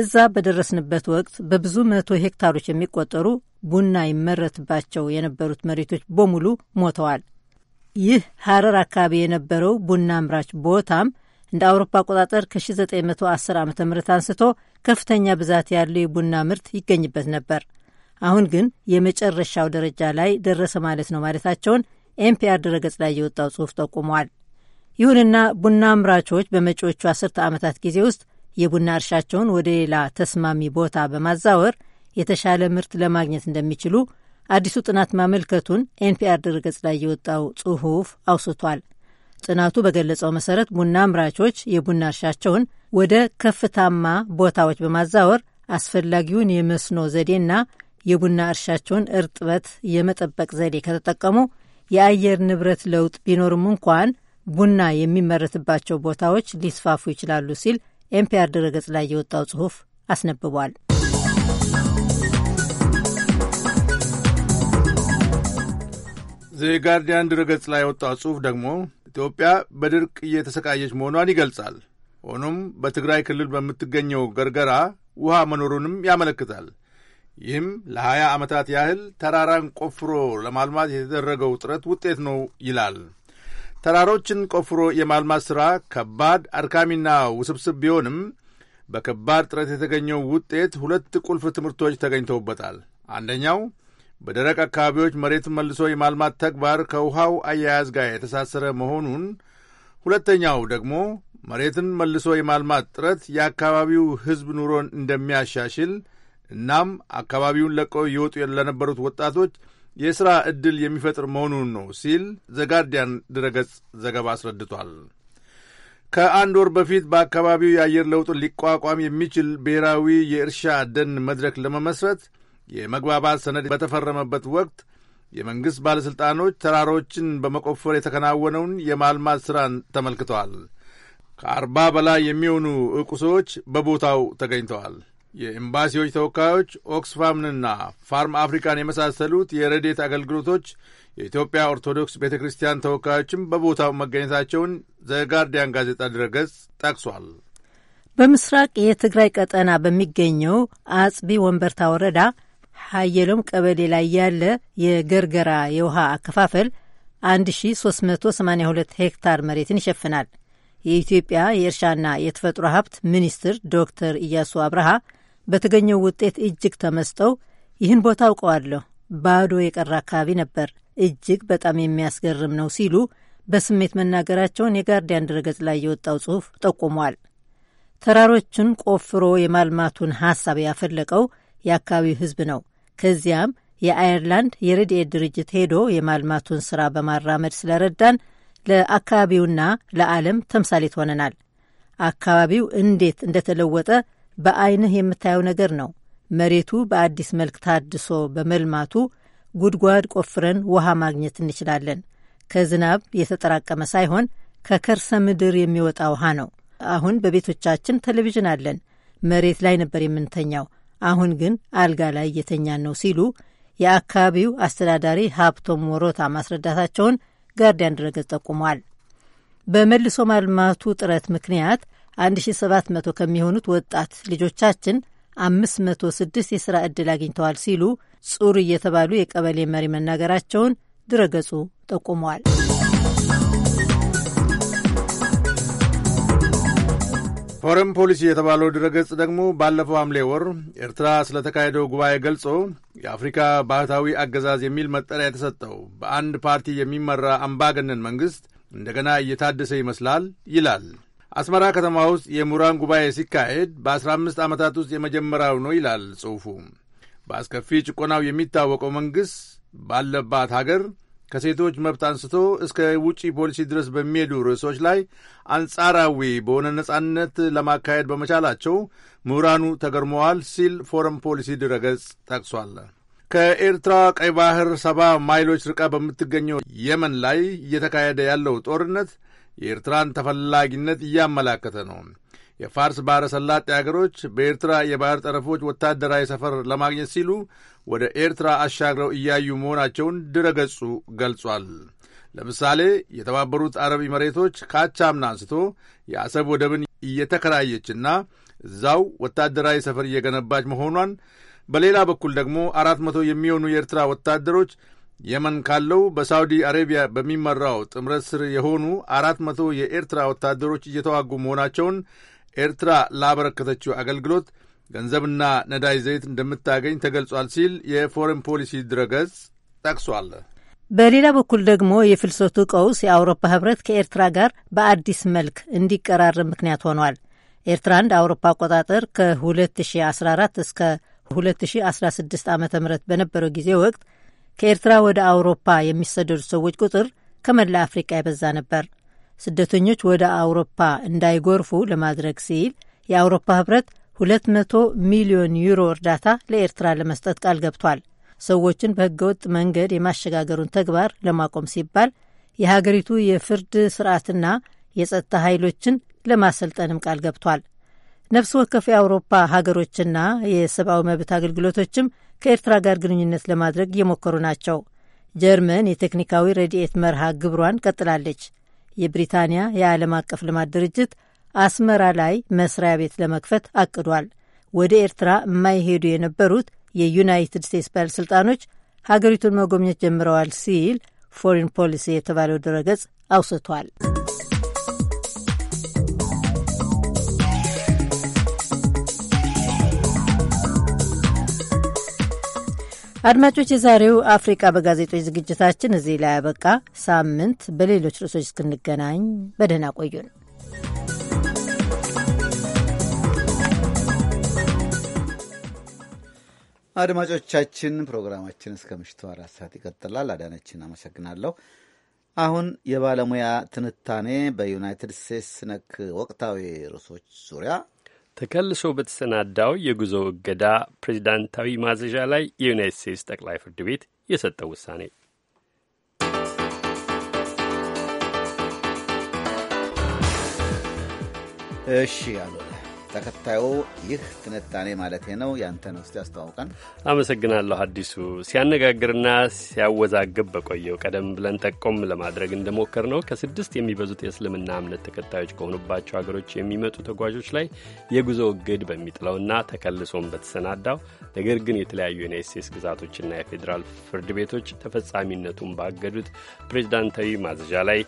እዛ በደረስንበት ወቅት በብዙ መቶ ሄክታሮች የሚቆጠሩ ቡና ይመረትባቸው የነበሩት መሬቶች በሙሉ ሞተዋል። ይህ ሀረር አካባቢ የነበረው ቡና አምራች ቦታም እንደ አውሮፓ አቆጣጠር ከ1910 ዓ ም አንስቶ ከፍተኛ ብዛት ያለው የቡና ምርት ይገኝበት ነበር። አሁን ግን የመጨረሻው ደረጃ ላይ ደረሰ ማለት ነው ማለታቸውን ኤምፒአር ድረገጽ ላይ የወጣው ጽሑፍ ጠቁመዋል። ይሁንና ቡና አምራቾች በመጪዎቹ አስርተ ዓመታት ጊዜ ውስጥ የቡና እርሻቸውን ወደ ሌላ ተስማሚ ቦታ በማዛወር የተሻለ ምርት ለማግኘት እንደሚችሉ አዲሱ ጥናት ማመልከቱን ኤንፒአር ድረገጽ ላይ የወጣው ጽሑፍ አውስቷል። ጥናቱ በገለጸው መሰረት ቡና አምራቾች የቡና እርሻቸውን ወደ ከፍታማ ቦታዎች በማዛወር አስፈላጊውን የመስኖ ዘዴና የቡና እርሻቸውን እርጥበት የመጠበቅ ዘዴ ከተጠቀሙ የአየር ንብረት ለውጥ ቢኖርም እንኳን ቡና የሚመረትባቸው ቦታዎች ሊስፋፉ ይችላሉ ሲል ኤንፒአር ድረገጽ ላይ የወጣው ጽሑፍ አስነብቧል። ዘጋርዲያን ድረገጽ ላይ የወጣው ጽሑፍ ደግሞ ኢትዮጵያ በድርቅ እየተሰቃየች መሆኗን ይገልጻል። ሆኖም በትግራይ ክልል በምትገኘው ገርገራ ውሃ መኖሩንም ያመለክታል። ይህም ለሀያ ዓመታት ያህል ተራራን ቆፍሮ ለማልማት የተደረገው ጥረት ውጤት ነው ይላል። ተራሮችን ቆፍሮ የማልማት ሥራ ከባድ አድካሚና ውስብስብ ቢሆንም በከባድ ጥረት የተገኘው ውጤት ሁለት ቁልፍ ትምህርቶች ተገኝተውበታል። አንደኛው በደረቅ አካባቢዎች መሬትን መልሶ የማልማት ተግባር ከውሃው አያያዝ ጋር የተሳሰረ መሆኑን፣ ሁለተኛው ደግሞ መሬትን መልሶ የማልማት ጥረት የአካባቢው ሕዝብ ኑሮን እንደሚያሻሽል እናም አካባቢውን ለቀው ይወጡ ለነበሩት ወጣቶች የሥራ ዕድል የሚፈጥር መሆኑን ነው ሲል ዘጋርዲያን ድረገጽ ዘገባ አስረድቷል። ከአንድ ወር በፊት በአካባቢው የአየር ለውጥ ሊቋቋም የሚችል ብሔራዊ የእርሻ ደን መድረክ ለመመስረት የመግባባት ሰነድ በተፈረመበት ወቅት የመንግሥት ባለሥልጣኖች ተራሮችን በመቆፈር የተከናወነውን የማልማት ሥራን ተመልክተዋል። ከአርባ በላይ የሚሆኑ ዕቁ ሰዎች በቦታው ተገኝተዋል። የኤምባሲዎች ተወካዮች ኦክስፋምንና ፋርም አፍሪካን የመሳሰሉት የረዴት አገልግሎቶች የኢትዮጵያ ኦርቶዶክስ ቤተ ክርስቲያን ተወካዮችም በቦታው መገኘታቸውን ዘጋርዲያን ጋዜጣ ድረገጽ ጠቅሷል። በምስራቅ የትግራይ ቀጠና በሚገኘው አጽቢ ወንበርታ ወረዳ ሀየሎም ቀበሌ ላይ ያለ የገርገራ የውሃ አከፋፈል 1382 ሄክታር መሬትን ይሸፍናል። የኢትዮጵያ የእርሻና የተፈጥሮ ሀብት ሚኒስትር ዶክተር ኢያሱ አብርሃ በተገኘው ውጤት እጅግ ተመስጠው ይህን ቦታ አውቀዋለሁ፣ ባዶ የቀረ አካባቢ ነበር፣ እጅግ በጣም የሚያስገርም ነው ሲሉ በስሜት መናገራቸውን የጋርዲያን ድረገጽ ላይ የወጣው ጽሑፍ ጠቁሟል። ተራሮችን ቆፍሮ የማልማቱን ሐሳብ ያፈለቀው የአካባቢው ሕዝብ ነው። ከዚያም የአየርላንድ የረድኤት ድርጅት ሄዶ የማልማቱን ስራ በማራመድ ስለረዳን ለአካባቢውና ለዓለም ተምሳሌት ሆነናል። አካባቢው እንዴት እንደተለወጠ በአይንህ የምታየው ነገር ነው። መሬቱ በአዲስ መልክ ታድሶ በመልማቱ ጉድጓድ ቆፍረን ውሃ ማግኘት እንችላለን። ከዝናብ የተጠራቀመ ሳይሆን ከከርሰ ምድር የሚወጣ ውሃ ነው። አሁን በቤቶቻችን ቴሌቪዥን አለን። መሬት ላይ ነበር የምንተኛው። አሁን ግን አልጋ ላይ እየተኛን ነው ሲሉ የአካባቢው አስተዳዳሪ ሀብቶም ወሮታ ማስረዳታቸውን ጋርዲያን ድረገጽ ጠቁሟል። በመልሶ ማልማቱ ጥረት ምክንያት 1700 ከሚሆኑት ወጣት ልጆቻችን 506 የሥራ ዕድል አግኝተዋል ሲሉ ጹር እየተባሉ የቀበሌ መሪ መናገራቸውን ድረገጹ ጠቁሟል። ፎረም ፖሊሲ የተባለው ድረገጽ ደግሞ ባለፈው ሐምሌ ወር ኤርትራ ስለተካሄደው ጉባኤ ገልጾ የአፍሪካ ባህታዊ አገዛዝ የሚል መጠሪያ የተሰጠው በአንድ ፓርቲ የሚመራ አምባገነን መንግሥት እንደገና እየታደሰ ይመስላል ይላል። አስመራ ከተማ ውስጥ የምሁራን ጉባኤ ሲካሄድ በ15 ዓመታት ውስጥ የመጀመሪያው ነው ይላል ጽሑፉ። በአስከፊ ጭቆናው የሚታወቀው መንግሥት ባለባት ሀገር ከሴቶች መብት አንስቶ እስከ ውጪ ፖሊሲ ድረስ በሚሄዱ ርዕሶች ላይ አንጻራዊ በሆነ ነጻነት ለማካሄድ በመቻላቸው ምሁራኑ ተገርመዋል ሲል ፎረም ፖሊሲ ድረገጽ ጠቅሷል። ከኤርትራ ቀይ ባህር ሰባ ማይሎች ርቃ በምትገኘው የመን ላይ እየተካሄደ ያለው ጦርነት የኤርትራን ተፈላጊነት እያመላከተ ነው። የፋርስ ባሕረ ሰላጤ አገሮች በኤርትራ የባሕር ጠረፎች ወታደራዊ ሰፈር ለማግኘት ሲሉ ወደ ኤርትራ አሻግረው እያዩ መሆናቸውን ድረገጹ ገልጿል። ለምሳሌ የተባበሩት አረብ መሬቶች ካቻምና አንስቶ የአሰብ ወደብን እየተከራየችና እዛው ወታደራዊ ሰፈር እየገነባች መሆኗን፣ በሌላ በኩል ደግሞ አራት መቶ የሚሆኑ የኤርትራ ወታደሮች የመን ካለው በሳውዲ አሬቢያ በሚመራው ጥምረት ስር የሆኑ አራት መቶ የኤርትራ ወታደሮች እየተዋጉ መሆናቸውን ኤርትራ ላበረከተችው አገልግሎት ገንዘብና ነዳጅ ዘይት እንደምታገኝ ተገልጿል ሲል የፎሬን ፖሊሲ ድረገጽ ጠቅሷል። በሌላ በኩል ደግሞ የፍልሰቱ ቀውስ የአውሮፓ ህብረት ከኤርትራ ጋር በአዲስ መልክ እንዲቀራረብ ምክንያት ሆኗል። ኤርትራ እንደ አውሮፓ አቆጣጠር ከ2014 እስከ 2016 ዓ ም በነበረው ጊዜ ወቅት ከኤርትራ ወደ አውሮፓ የሚሰደዱ ሰዎች ቁጥር ከመላ አፍሪቃ የበዛ ነበር። ስደተኞች ወደ አውሮፓ እንዳይጎርፉ ለማድረግ ሲል የአውሮፓ ህብረት 200 ሚሊዮን ዩሮ እርዳታ ለኤርትራ ለመስጠት ቃል ገብቷል። ሰዎችን በህገወጥ መንገድ የማሸጋገሩን ተግባር ለማቆም ሲባል የሀገሪቱ የፍርድ ስርዓትና የጸጥታ ኃይሎችን ለማሰልጠንም ቃል ገብቷል። ነፍስ ወከፍ የአውሮፓ ሀገሮችና የሰብአዊ መብት አገልግሎቶችም ከኤርትራ ጋር ግንኙነት ለማድረግ እየሞከሩ ናቸው። ጀርመን የቴክኒካዊ ረድኤት መርሃ ግብሯን ቀጥላለች። የብሪታንያ የዓለም አቀፍ ልማት ድርጅት አስመራ ላይ መስሪያ ቤት ለመክፈት አቅዷል። ወደ ኤርትራ የማይሄዱ የነበሩት የዩናይትድ ስቴትስ ባለሥልጣኖች ሀገሪቱን መጎብኘት ጀምረዋል ሲል ፎሪን ፖሊሲ የተባለው ድረገጽ አውስቷል። አድማጮች፣ የዛሬው አፍሪቃ በጋዜጦች ዝግጅታችን እዚህ ላይ ያበቃ። ሳምንት በሌሎች ርዕሶች እስክንገናኝ በደህና ቆዩን። አድማጮቻችን፣ ፕሮግራማችን እስከ ምሽቱ አራት ሰዓት ይቀጥላል። አዳነችን አመሰግናለሁ። አሁን የባለሙያ ትንታኔ በዩናይትድ ስቴትስ ነክ ወቅታዊ ርዕሶች ዙሪያ ተከልሶ በተሰናዳው የጉዞ እገዳ ፕሬዚዳንታዊ ማዘዣ ላይ የዩናይት ስቴትስ ጠቅላይ ፍርድ ቤት የሰጠው ውሳኔ እሺ አሉ። ተከታዩ ይህ ትንታኔ ማለት ነው ያንተን ውስጥ ያስተዋውቀን። አመሰግናለሁ አዲሱ። ሲያነጋግርና ሲያወዛግብ በቆየው ቀደም ብለን ጠቆም ለማድረግ እንደሞከር ነው ከስድስት የሚበዙት የእስልምና እምነት ተከታዮች ከሆኑባቸው ሀገሮች የሚመጡ ተጓዦች ላይ የጉዞ እግድ በሚጥለውና ተከልሶን በተሰናዳው ነገር ግን የተለያዩ የዩናይት ስቴትስ ግዛቶችና የፌዴራል ፍርድ ቤቶች ተፈጻሚነቱን ባገዱት ፕሬዚዳንታዊ ማዘዣ ላይ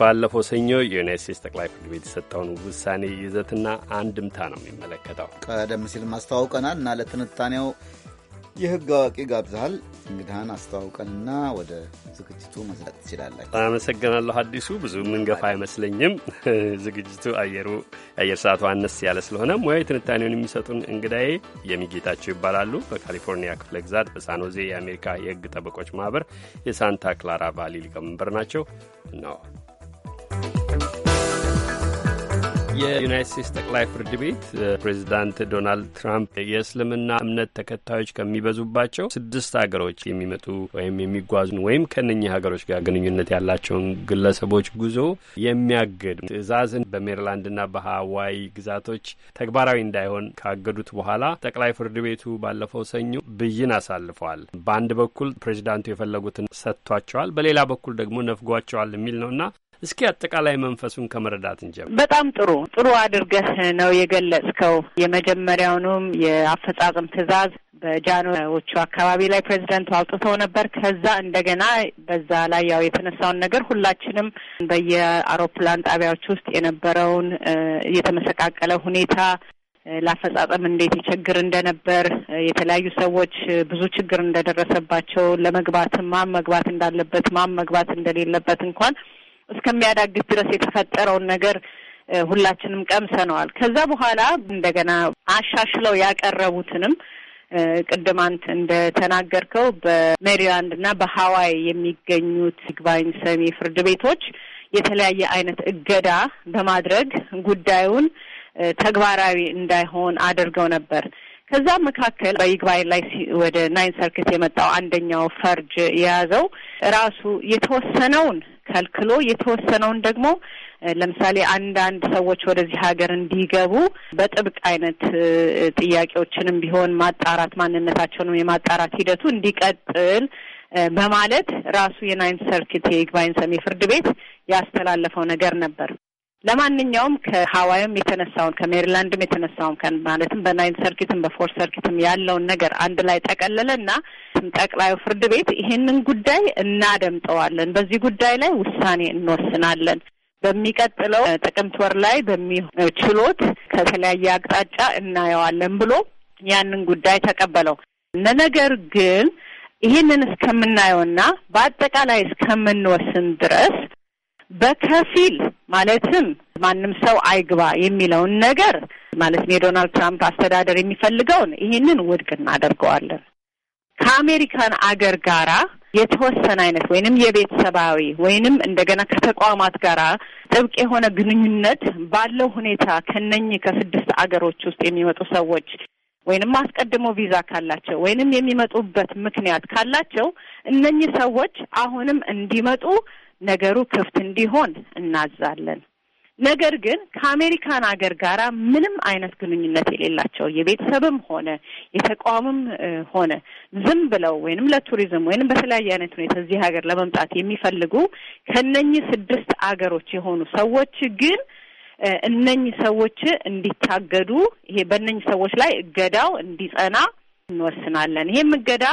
ባለፈው ሰኞ የዩናይት ስቴትስ ጠቅላይ ፍርድ ቤት የሰጠውን ውሳኔ ይዘትና አንድምታ ነው የሚመለከተው። ቀደም ሲል ማስተዋውቀናል እና ለትንታኔው የህግ አዋቂ ጋብዛሃል እንግዲህን አስተዋውቀንና ወደ ዝግጅቱ መዝለቅ ትችላለን። አመሰግናለሁ አዲሱ። ብዙ ምንገፋ አይመስለኝም። ዝግጅቱ አየሩ የአየር ሰዓቱ አነስ ያለ ስለሆነ ሙያ ትንታኔውን የሚሰጡን እንግዳዬ የሚጌታቸው ይባላሉ። በካሊፎርኒያ ክፍለ ግዛት በሳኖዜ የአሜሪካ የህግ ጠበቆች ማህበር የሳንታ ክላራ ቫሊ ሊቀመንበር ናቸው ነው የዩናይት ስቴትስ ጠቅላይ ፍርድ ቤት ፕሬዚዳንት ዶናልድ ትራምፕ የእስልምና እምነት ተከታዮች ከሚበዙባቸው ስድስት ሀገሮች የሚመጡ ወይም የሚጓዙ ወይም ከነኚህ ሀገሮች ጋር ግንኙነት ያላቸውን ግለሰቦች ጉዞ የሚያግድ ትዕዛዝን በሜሪላንድና በሀዋይ ግዛቶች ተግባራዊ እንዳይሆን ካገዱት በኋላ ጠቅላይ ፍርድ ቤቱ ባለፈው ሰኞ ብይን አሳልፈዋል። በአንድ በኩል ፕሬዚዳንቱ የፈለጉትን ሰጥቷቸዋል፣ በሌላ በኩል ደግሞ ነፍጓቸዋል የሚል ነውና እስኪ አጠቃላይ መንፈሱን ከመረዳት እንጀምር። በጣም ጥሩ ጥሩ አድርገህ ነው የገለጽከው። የመጀመሪያውንም የአፈጻጸም ትዕዛዝ በጃንዎቹ አካባቢ ላይ ፕሬዚደንቱ አውጥተው ነበር። ከዛ እንደገና በዛ ላይ ያው የተነሳውን ነገር ሁላችንም በየአውሮፕላን ጣቢያዎች ውስጥ የነበረውን የተመሰቃቀለ ሁኔታ ለአፈጻጸም እንዴት ይቸግር እንደነበር የተለያዩ ሰዎች ብዙ ችግር እንደደረሰባቸው ለመግባት ማን መግባት እንዳለበት ማን መግባት እንደሌለበት እንኳን እስከሚያዳግት ድረስ የተፈጠረውን ነገር ሁላችንም ቀምሰነዋል። ከዛ በኋላ እንደገና አሻሽለው ያቀረቡትንም ቅድም አንተ እንደተናገርከው በሜሪላንድ እና በሀዋይ የሚገኙት ይግባኝ ሰሚ ፍርድ ቤቶች የተለያየ አይነት እገዳ በማድረግ ጉዳዩን ተግባራዊ እንዳይሆን አድርገው ነበር። ከዛ መካከል በይግባኝ ላይ ወደ ናይን ሰርክት የመጣው አንደኛው ፈርጅ የያዘው ራሱ የተወሰነውን ከልክሎ የተወሰነውን ደግሞ ለምሳሌ አንዳንድ ሰዎች ወደዚህ ሀገር እንዲገቡ በጥብቅ አይነት ጥያቄዎችንም ቢሆን ማጣራት ማንነታቸውንም የማጣራት ሂደቱ እንዲቀጥል በማለት ራሱ የናይንት ሰርኪት የይግባኝ ሰሚ ፍርድ ቤት ያስተላለፈው ነገር ነበር። ለማንኛውም ከሀዋይም የተነሳውን ከሜሪላንድም የተነሳውን ከ ማለትም በናይን ሰርኪትም በፎር ሰርኪትም ያለውን ነገር አንድ ላይ ጠቀለለ እና ጠቅላዩ ፍርድ ቤት ይህንን ጉዳይ እናደምጠዋለን፣ በዚህ ጉዳይ ላይ ውሳኔ እንወስናለን በሚቀጥለው ጥቅምት ወር ላይ በሚሆነው ችሎት ከተለያየ አቅጣጫ እናየዋለን ብሎ ያንን ጉዳይ ተቀበለው። ነገር ግን ይህንን እስከምናየውና በአጠቃላይ እስከምንወስን ድረስ በከፊል ማለትም ማንም ሰው አይግባ የሚለውን ነገር ማለትም የዶናልድ ትራምፕ አስተዳደር የሚፈልገውን ይህንን ውድቅ እናደርገዋለን። ከአሜሪካን አገር ጋራ የተወሰነ አይነት ወይንም የቤተሰባዊ ወይንም እንደገና ከተቋማት ጋር ጥብቅ የሆነ ግንኙነት ባለው ሁኔታ ከነኚህ ከስድስት አገሮች ውስጥ የሚመጡ ሰዎች ወይንም አስቀድሞ ቪዛ ካላቸው ወይንም የሚመጡበት ምክንያት ካላቸው እነኚህ ሰዎች አሁንም እንዲመጡ ነገሩ ክፍት እንዲሆን እናዛለን። ነገር ግን ከአሜሪካን ሀገር ጋር ምንም አይነት ግንኙነት የሌላቸው የቤተሰብም ሆነ የተቋምም ሆነ ዝም ብለው ወይንም ለቱሪዝም ወይንም በተለያየ አይነት ሁኔታ እዚህ ሀገር ለመምጣት የሚፈልጉ ከነኚህ ስድስት አገሮች የሆኑ ሰዎች ግን እነኚህ ሰዎች እንዲታገዱ ይሄ በእነኚህ ሰዎች ላይ እገዳው እንዲጸና እንወስናለን። ይህም እገዳ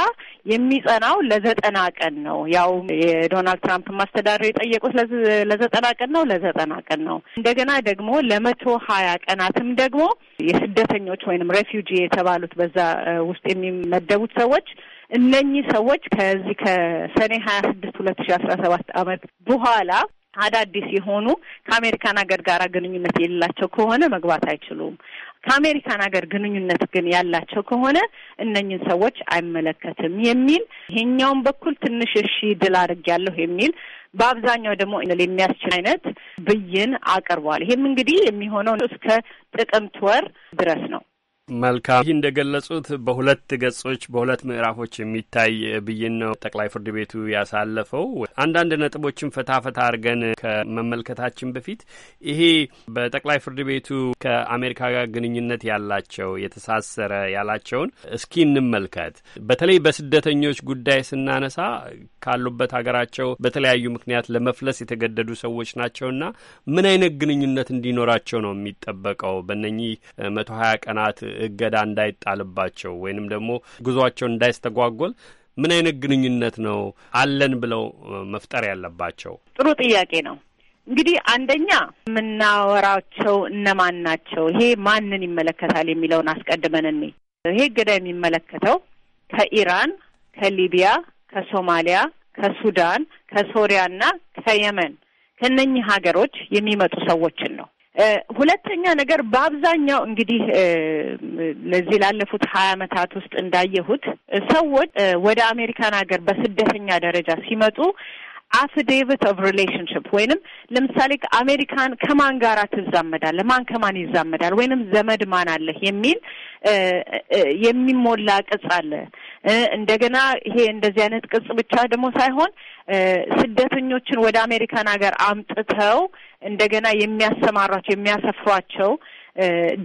የሚጸናው ለዘጠና ቀን ነው። ያው የዶናልድ ትራምፕ ማስተዳደር የጠየቁት ለዘጠና ቀን ነው። ለዘጠና ቀን ነው። እንደገና ደግሞ ለመቶ ሀያ ቀናትም ደግሞ የስደተኞች ወይንም ሬፊውጂ የተባሉት በዛ ውስጥ የሚመደቡት ሰዎች እነኚህ ሰዎች ከዚህ ከሰኔ ሀያ ስድስት ሁለት ሺ አስራ ሰባት አመት በኋላ አዳዲስ የሆኑ ከአሜሪካን ሀገር ጋር ግንኙነት የሌላቸው ከሆነ መግባት አይችሉም። ከአሜሪካን ሀገር ግንኙነት ግን ያላቸው ከሆነ እነኝን ሰዎች አይመለከትም የሚል ይሄኛውን በኩል ትንሽ እሺ ድል አድርጌያለሁ የሚል በአብዛኛው ደግሞ የሚያስችል አይነት ብይን አቅርቧል። ይሄም እንግዲህ የሚሆነው እስከ ጥቅምት ወር ድረስ ነው። መልካም። ይህ እንደገለጹት በሁለት ገጾች በሁለት ምዕራፎች የሚታይ ብይን ነው ጠቅላይ ፍርድ ቤቱ ያሳለፈው። አንዳንድ ነጥቦችን ፈታ ፈታ አድርገን ከመመልከታችን በፊት ይሄ በጠቅላይ ፍርድ ቤቱ ከአሜሪካ ጋር ግንኙነት ያላቸው የተሳሰረ ያላቸውን እስኪ እንመልከት። በተለይ በስደተኞች ጉዳይ ስናነሳ ካሉበት ሀገራቸው በተለያዩ ምክንያት ለመፍለስ የተገደዱ ሰዎች ናቸውና ምን አይነት ግንኙነት እንዲኖራቸው ነው የሚጠበቀው በእነኚህ መቶ ሀያ ቀናት እገዳ እንዳይጣልባቸው ወይንም ደግሞ ጉዟቸውን እንዳይስተጓጎል ምን አይነት ግንኙነት ነው አለን ብለው መፍጠር ያለባቸው? ጥሩ ጥያቄ ነው። እንግዲህ አንደኛ የምናወራቸው እነማን ናቸው፣ ይሄ ማንን ይመለከታል የሚለውን አስቀድመን እኔ ይሄ እገዳ የሚመለከተው ከኢራን፣ ከሊቢያ፣ ከሶማሊያ፣ ከሱዳን፣ እና ከየመን ከእነኚህ ሀገሮች የሚመጡ ሰዎችን ነው። ሁለተኛ ነገር በአብዛኛው እንግዲህ ለዚህ ላለፉት ሀያ ዓመታት ውስጥ እንዳየሁት ሰዎች ወደ አሜሪካን ሀገር በስደተኛ ደረጃ ሲመጡ አፍዴቪት ኦፍ ሪሌሽንሽፕ ወይንም ለምሳሌ አሜሪካን ከማን ጋር ትዛመዳለ፣ ማን ከማን ይዛመዳል፣ ወይንም ዘመድ ማን አለህ የሚል የሚሞላ ቅጽ አለ። እንደገና ይሄ እንደዚህ አይነት ቅጽ ብቻ ደግሞ ሳይሆን ስደተኞችን ወደ አሜሪካን ሀገር አምጥተው እንደገና የሚያሰማሯቸው የሚያሰፍሯቸው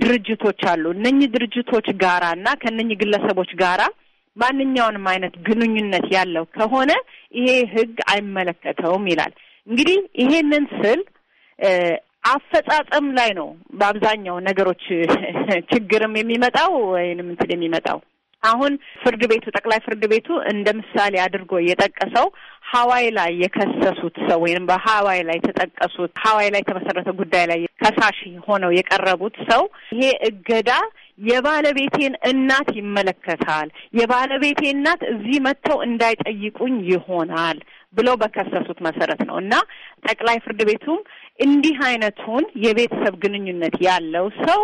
ድርጅቶች አሉ። እነኚህ ድርጅቶች ጋራ እና ከእነኚህ ግለሰቦች ጋራ ማንኛውንም አይነት ግንኙነት ያለው ከሆነ ይሄ ህግ አይመለከተውም ይላል። እንግዲህ ይሄንን ስል አፈጻጸም ላይ ነው በአብዛኛው ነገሮች ችግርም የሚመጣው ወይንም እንትን የሚመጣው አሁን ፍርድ ቤቱ ጠቅላይ ፍርድ ቤቱ እንደ ምሳሌ አድርጎ የጠቀሰው ሀዋይ ላይ የከሰሱት ሰው ወይም በሀዋይ ላይ የተጠቀሱት ሀዋይ ላይ የተመሰረተ ጉዳይ ላይ ከሳሽ ሆነው የቀረቡት ሰው ይሄ እገዳ የባለቤቴን እናት ይመለከታል። የባለቤቴ እናት እዚህ መጥተው እንዳይጠይቁኝ ይሆናል ብለው በከሰሱት መሰረት ነው እና ጠቅላይ ፍርድ ቤቱም እንዲህ አይነቱን የቤተሰብ ግንኙነት ያለው ሰው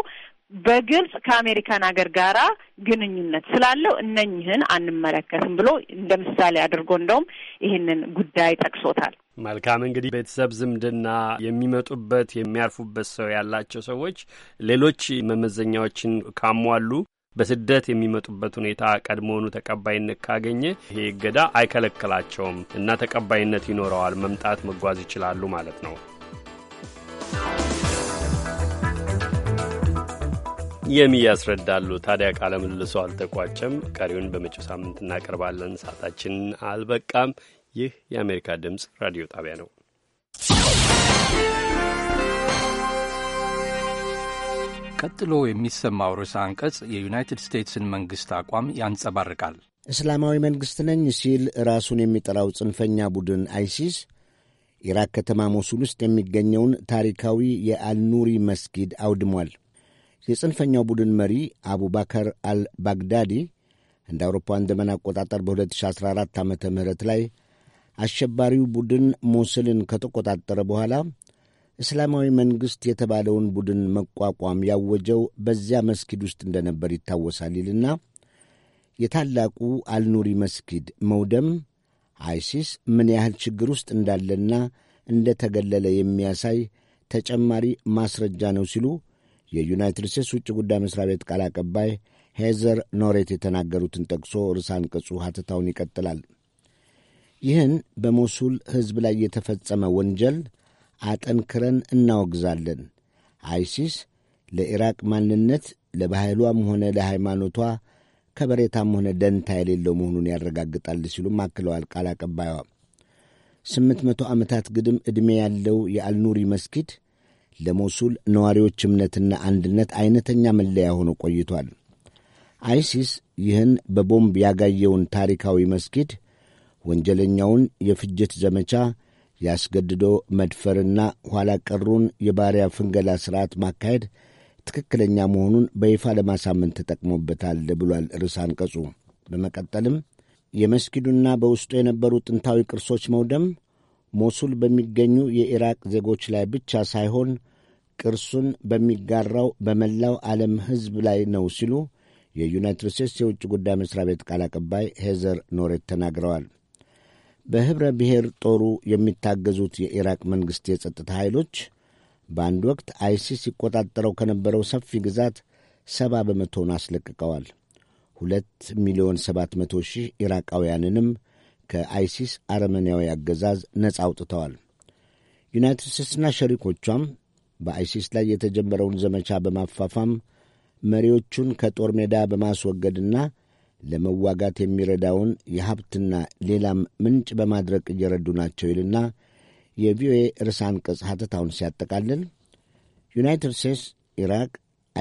በግልጽ ከአሜሪካን ሀገር ጋራ ግንኙነት ስላለው እነኝህን አንመለከትም ብሎ እንደ ምሳሌ አድርጎ እንደውም ይህንን ጉዳይ ጠቅሶታል። መልካም እንግዲህ ቤተሰብ ዝምድና የሚመጡበት የሚያርፉበት ሰው ያላቸው ሰዎች ሌሎች መመዘኛዎችን ካሟሉ በስደት የሚመጡበት ሁኔታ ቀድሞውኑ ተቀባይነት ካገኘ ይሄ እገዳ አይከለክላቸውም እና ተቀባይነት ይኖረዋል። መምጣት መጓዝ ይችላሉ ማለት ነው። የሚ ያስረዳሉ። ታዲያ ቃለ ምልልሱ አልተቋጨም። ቀሪውን በመጪው ሳምንት እናቀርባለን። ሰዓታችን አልበቃም። ይህ የአሜሪካ ድምፅ ራዲዮ ጣቢያ ነው። ቀጥሎ የሚሰማው ርዕሰ አንቀጽ የዩናይትድ ስቴትስን መንግሥት አቋም ያንጸባርቃል። እስላማዊ መንግሥት ነኝ ሲል ራሱን የሚጠራው ጽንፈኛ ቡድን አይሲስ ኢራቅ ከተማ ሞሱል ውስጥ የሚገኘውን ታሪካዊ የአልኑሪ መስጊድ አውድሟል። የጽንፈኛው ቡድን መሪ አቡባከር አልባግዳዲ እንደ አውሮፓውያን ዘመን አቆጣጠር በ2014 ዓ ም ላይ አሸባሪው ቡድን ሞስልን ከተቆጣጠረ በኋላ እስላማዊ መንግሥት የተባለውን ቡድን መቋቋም ያወጀው በዚያ መስጊድ ውስጥ እንደነበር ይታወሳል ይልና የታላቁ አልኑሪ መስጊድ መውደም አይሲስ ምን ያህል ችግር ውስጥ እንዳለና እንደ ተገለለ የሚያሳይ ተጨማሪ ማስረጃ ነው ሲሉ የዩናይትድ ስቴትስ ውጭ ጉዳይ መስሪያ ቤት ቃል አቀባይ ሄዘር ኖሬት የተናገሩትን ጠቅሶ ርዕሰ አንቀጹ ሐተታውን ይቀጥላል። ይህን በሞሱል ሕዝብ ላይ የተፈጸመ ወንጀል አጠንክረን እናወግዛለን። አይሲስ ለኢራቅ ማንነት ለባህሏም ሆነ ለሃይማኖቷ ከበሬታም ሆነ ደንታ የሌለው መሆኑን ያረጋግጣል ሲሉም አክለዋል ቃል አቀባይዋ። ስምንት መቶ ዓመታት ግድም ዕድሜ ያለው የአልኑሪ መስጊድ ለሞሱል ነዋሪዎች እምነትና አንድነት አይነተኛ መለያ ሆኖ ቆይቷል። አይሲስ ይህን በቦምብ ያጋየውን ታሪካዊ መስጊድ፣ ወንጀለኛውን የፍጅት ዘመቻ፣ ያስገድዶ መድፈርና ኋላ ቀሩን የባሪያ ፍንገላ ሥርዓት ማካሄድ ትክክለኛ መሆኑን በይፋ ለማሳመን ተጠቅሞበታል ብሏል ርዕስ አንቀጹ። በመቀጠልም የመስጊዱና በውስጡ የነበሩ ጥንታዊ ቅርሶች መውደም ሞሱል በሚገኙ የኢራቅ ዜጎች ላይ ብቻ ሳይሆን ቅርሱን በሚጋራው በመላው ዓለም ሕዝብ ላይ ነው ሲሉ የዩናይትድ ስቴትስ የውጭ ጉዳይ መሥሪያ ቤት ቃል አቀባይ ሄዘር ኖሬት ተናግረዋል። በኅብረ ብሔር ጦሩ የሚታገዙት የኢራቅ መንግሥት የጸጥታ ኃይሎች በአንድ ወቅት አይሲስ ይቆጣጠረው ከነበረው ሰፊ ግዛት ሰባ በመቶውን አስለቅቀዋል። ሁለት ሚሊዮን ሰባት መቶ ሺህ ኢራቃውያንንም ከአይሲስ አረመኔያዊ አገዛዝ ነጻ አውጥተዋል። ዩናይትድ ስቴትስና ሸሪኮቿም በአይሲስ ላይ የተጀመረውን ዘመቻ በማፋፋም መሪዎቹን ከጦር ሜዳ በማስወገድና ለመዋጋት የሚረዳውን የሀብትና ሌላም ምንጭ በማድረግ እየረዱ ናቸው ይልና የቪኦኤ ርዕሰ አንቀጽ ሐተታውን ሲያጠቃልል ዩናይትድ ስቴትስ ኢራቅ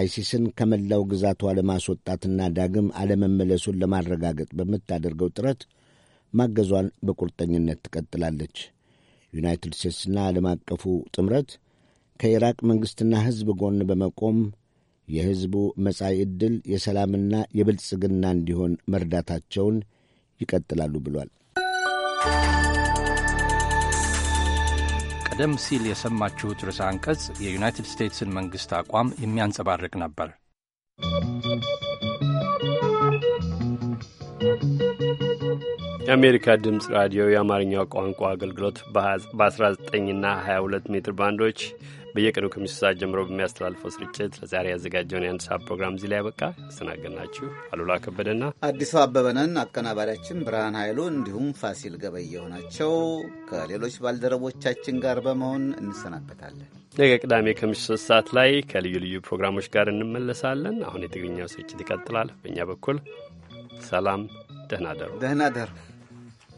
አይሲስን ከመላው ግዛቷ ለማስወጣትና ዳግም አለመመለሱን ለማረጋገጥ በምታደርገው ጥረት ማገዟን በቁርጠኝነት ትቀጥላለች። ዩናይትድ ስቴትስና ዓለም አቀፉ ጥምረት ከኢራቅ መንግሥትና ሕዝብ ጎን በመቆም የሕዝቡ መጻኢ ዕድል የሰላምና የብልጽግና እንዲሆን መርዳታቸውን ይቀጥላሉ ብሏል። ቀደም ሲል የሰማችሁት ርዕሰ አንቀጽ የዩናይትድ ስቴትስን መንግሥት አቋም የሚያንጸባርቅ ነበር። የአሜሪካ ድምፅ ራዲዮ የአማርኛው ቋንቋ አገልግሎት በ19 እና 22 ሜትር ባንዶች በየቀኑ ከምሽቱ ሰዓት ጀምሮ በሚያስተላልፈው ስርጭት ለዛሬ ያዘጋጀውን የአንድ ሰዓት ፕሮግራም እዚህ ላይ ያበቃ። ያስተናገድናችሁ አሉላ ከበደና አዲሱ አበበነን፣ አቀናባሪያችን ብርሃን ኃይሉ እንዲሁም ፋሲል ገበየሁ ናቸው። ከሌሎች ባልደረቦቻችን ጋር በመሆን እንሰናበታለን። ነገ ቅዳሜ ከምሽቱ ሶስት ሰዓት ላይ ከልዩ ልዩ ፕሮግራሞች ጋር እንመለሳለን። አሁን የትግርኛው ስርጭት ይቀጥላል። በእኛ በኩል ሰላም፣ ደህና ደሩ፣ ደህና ደሩ።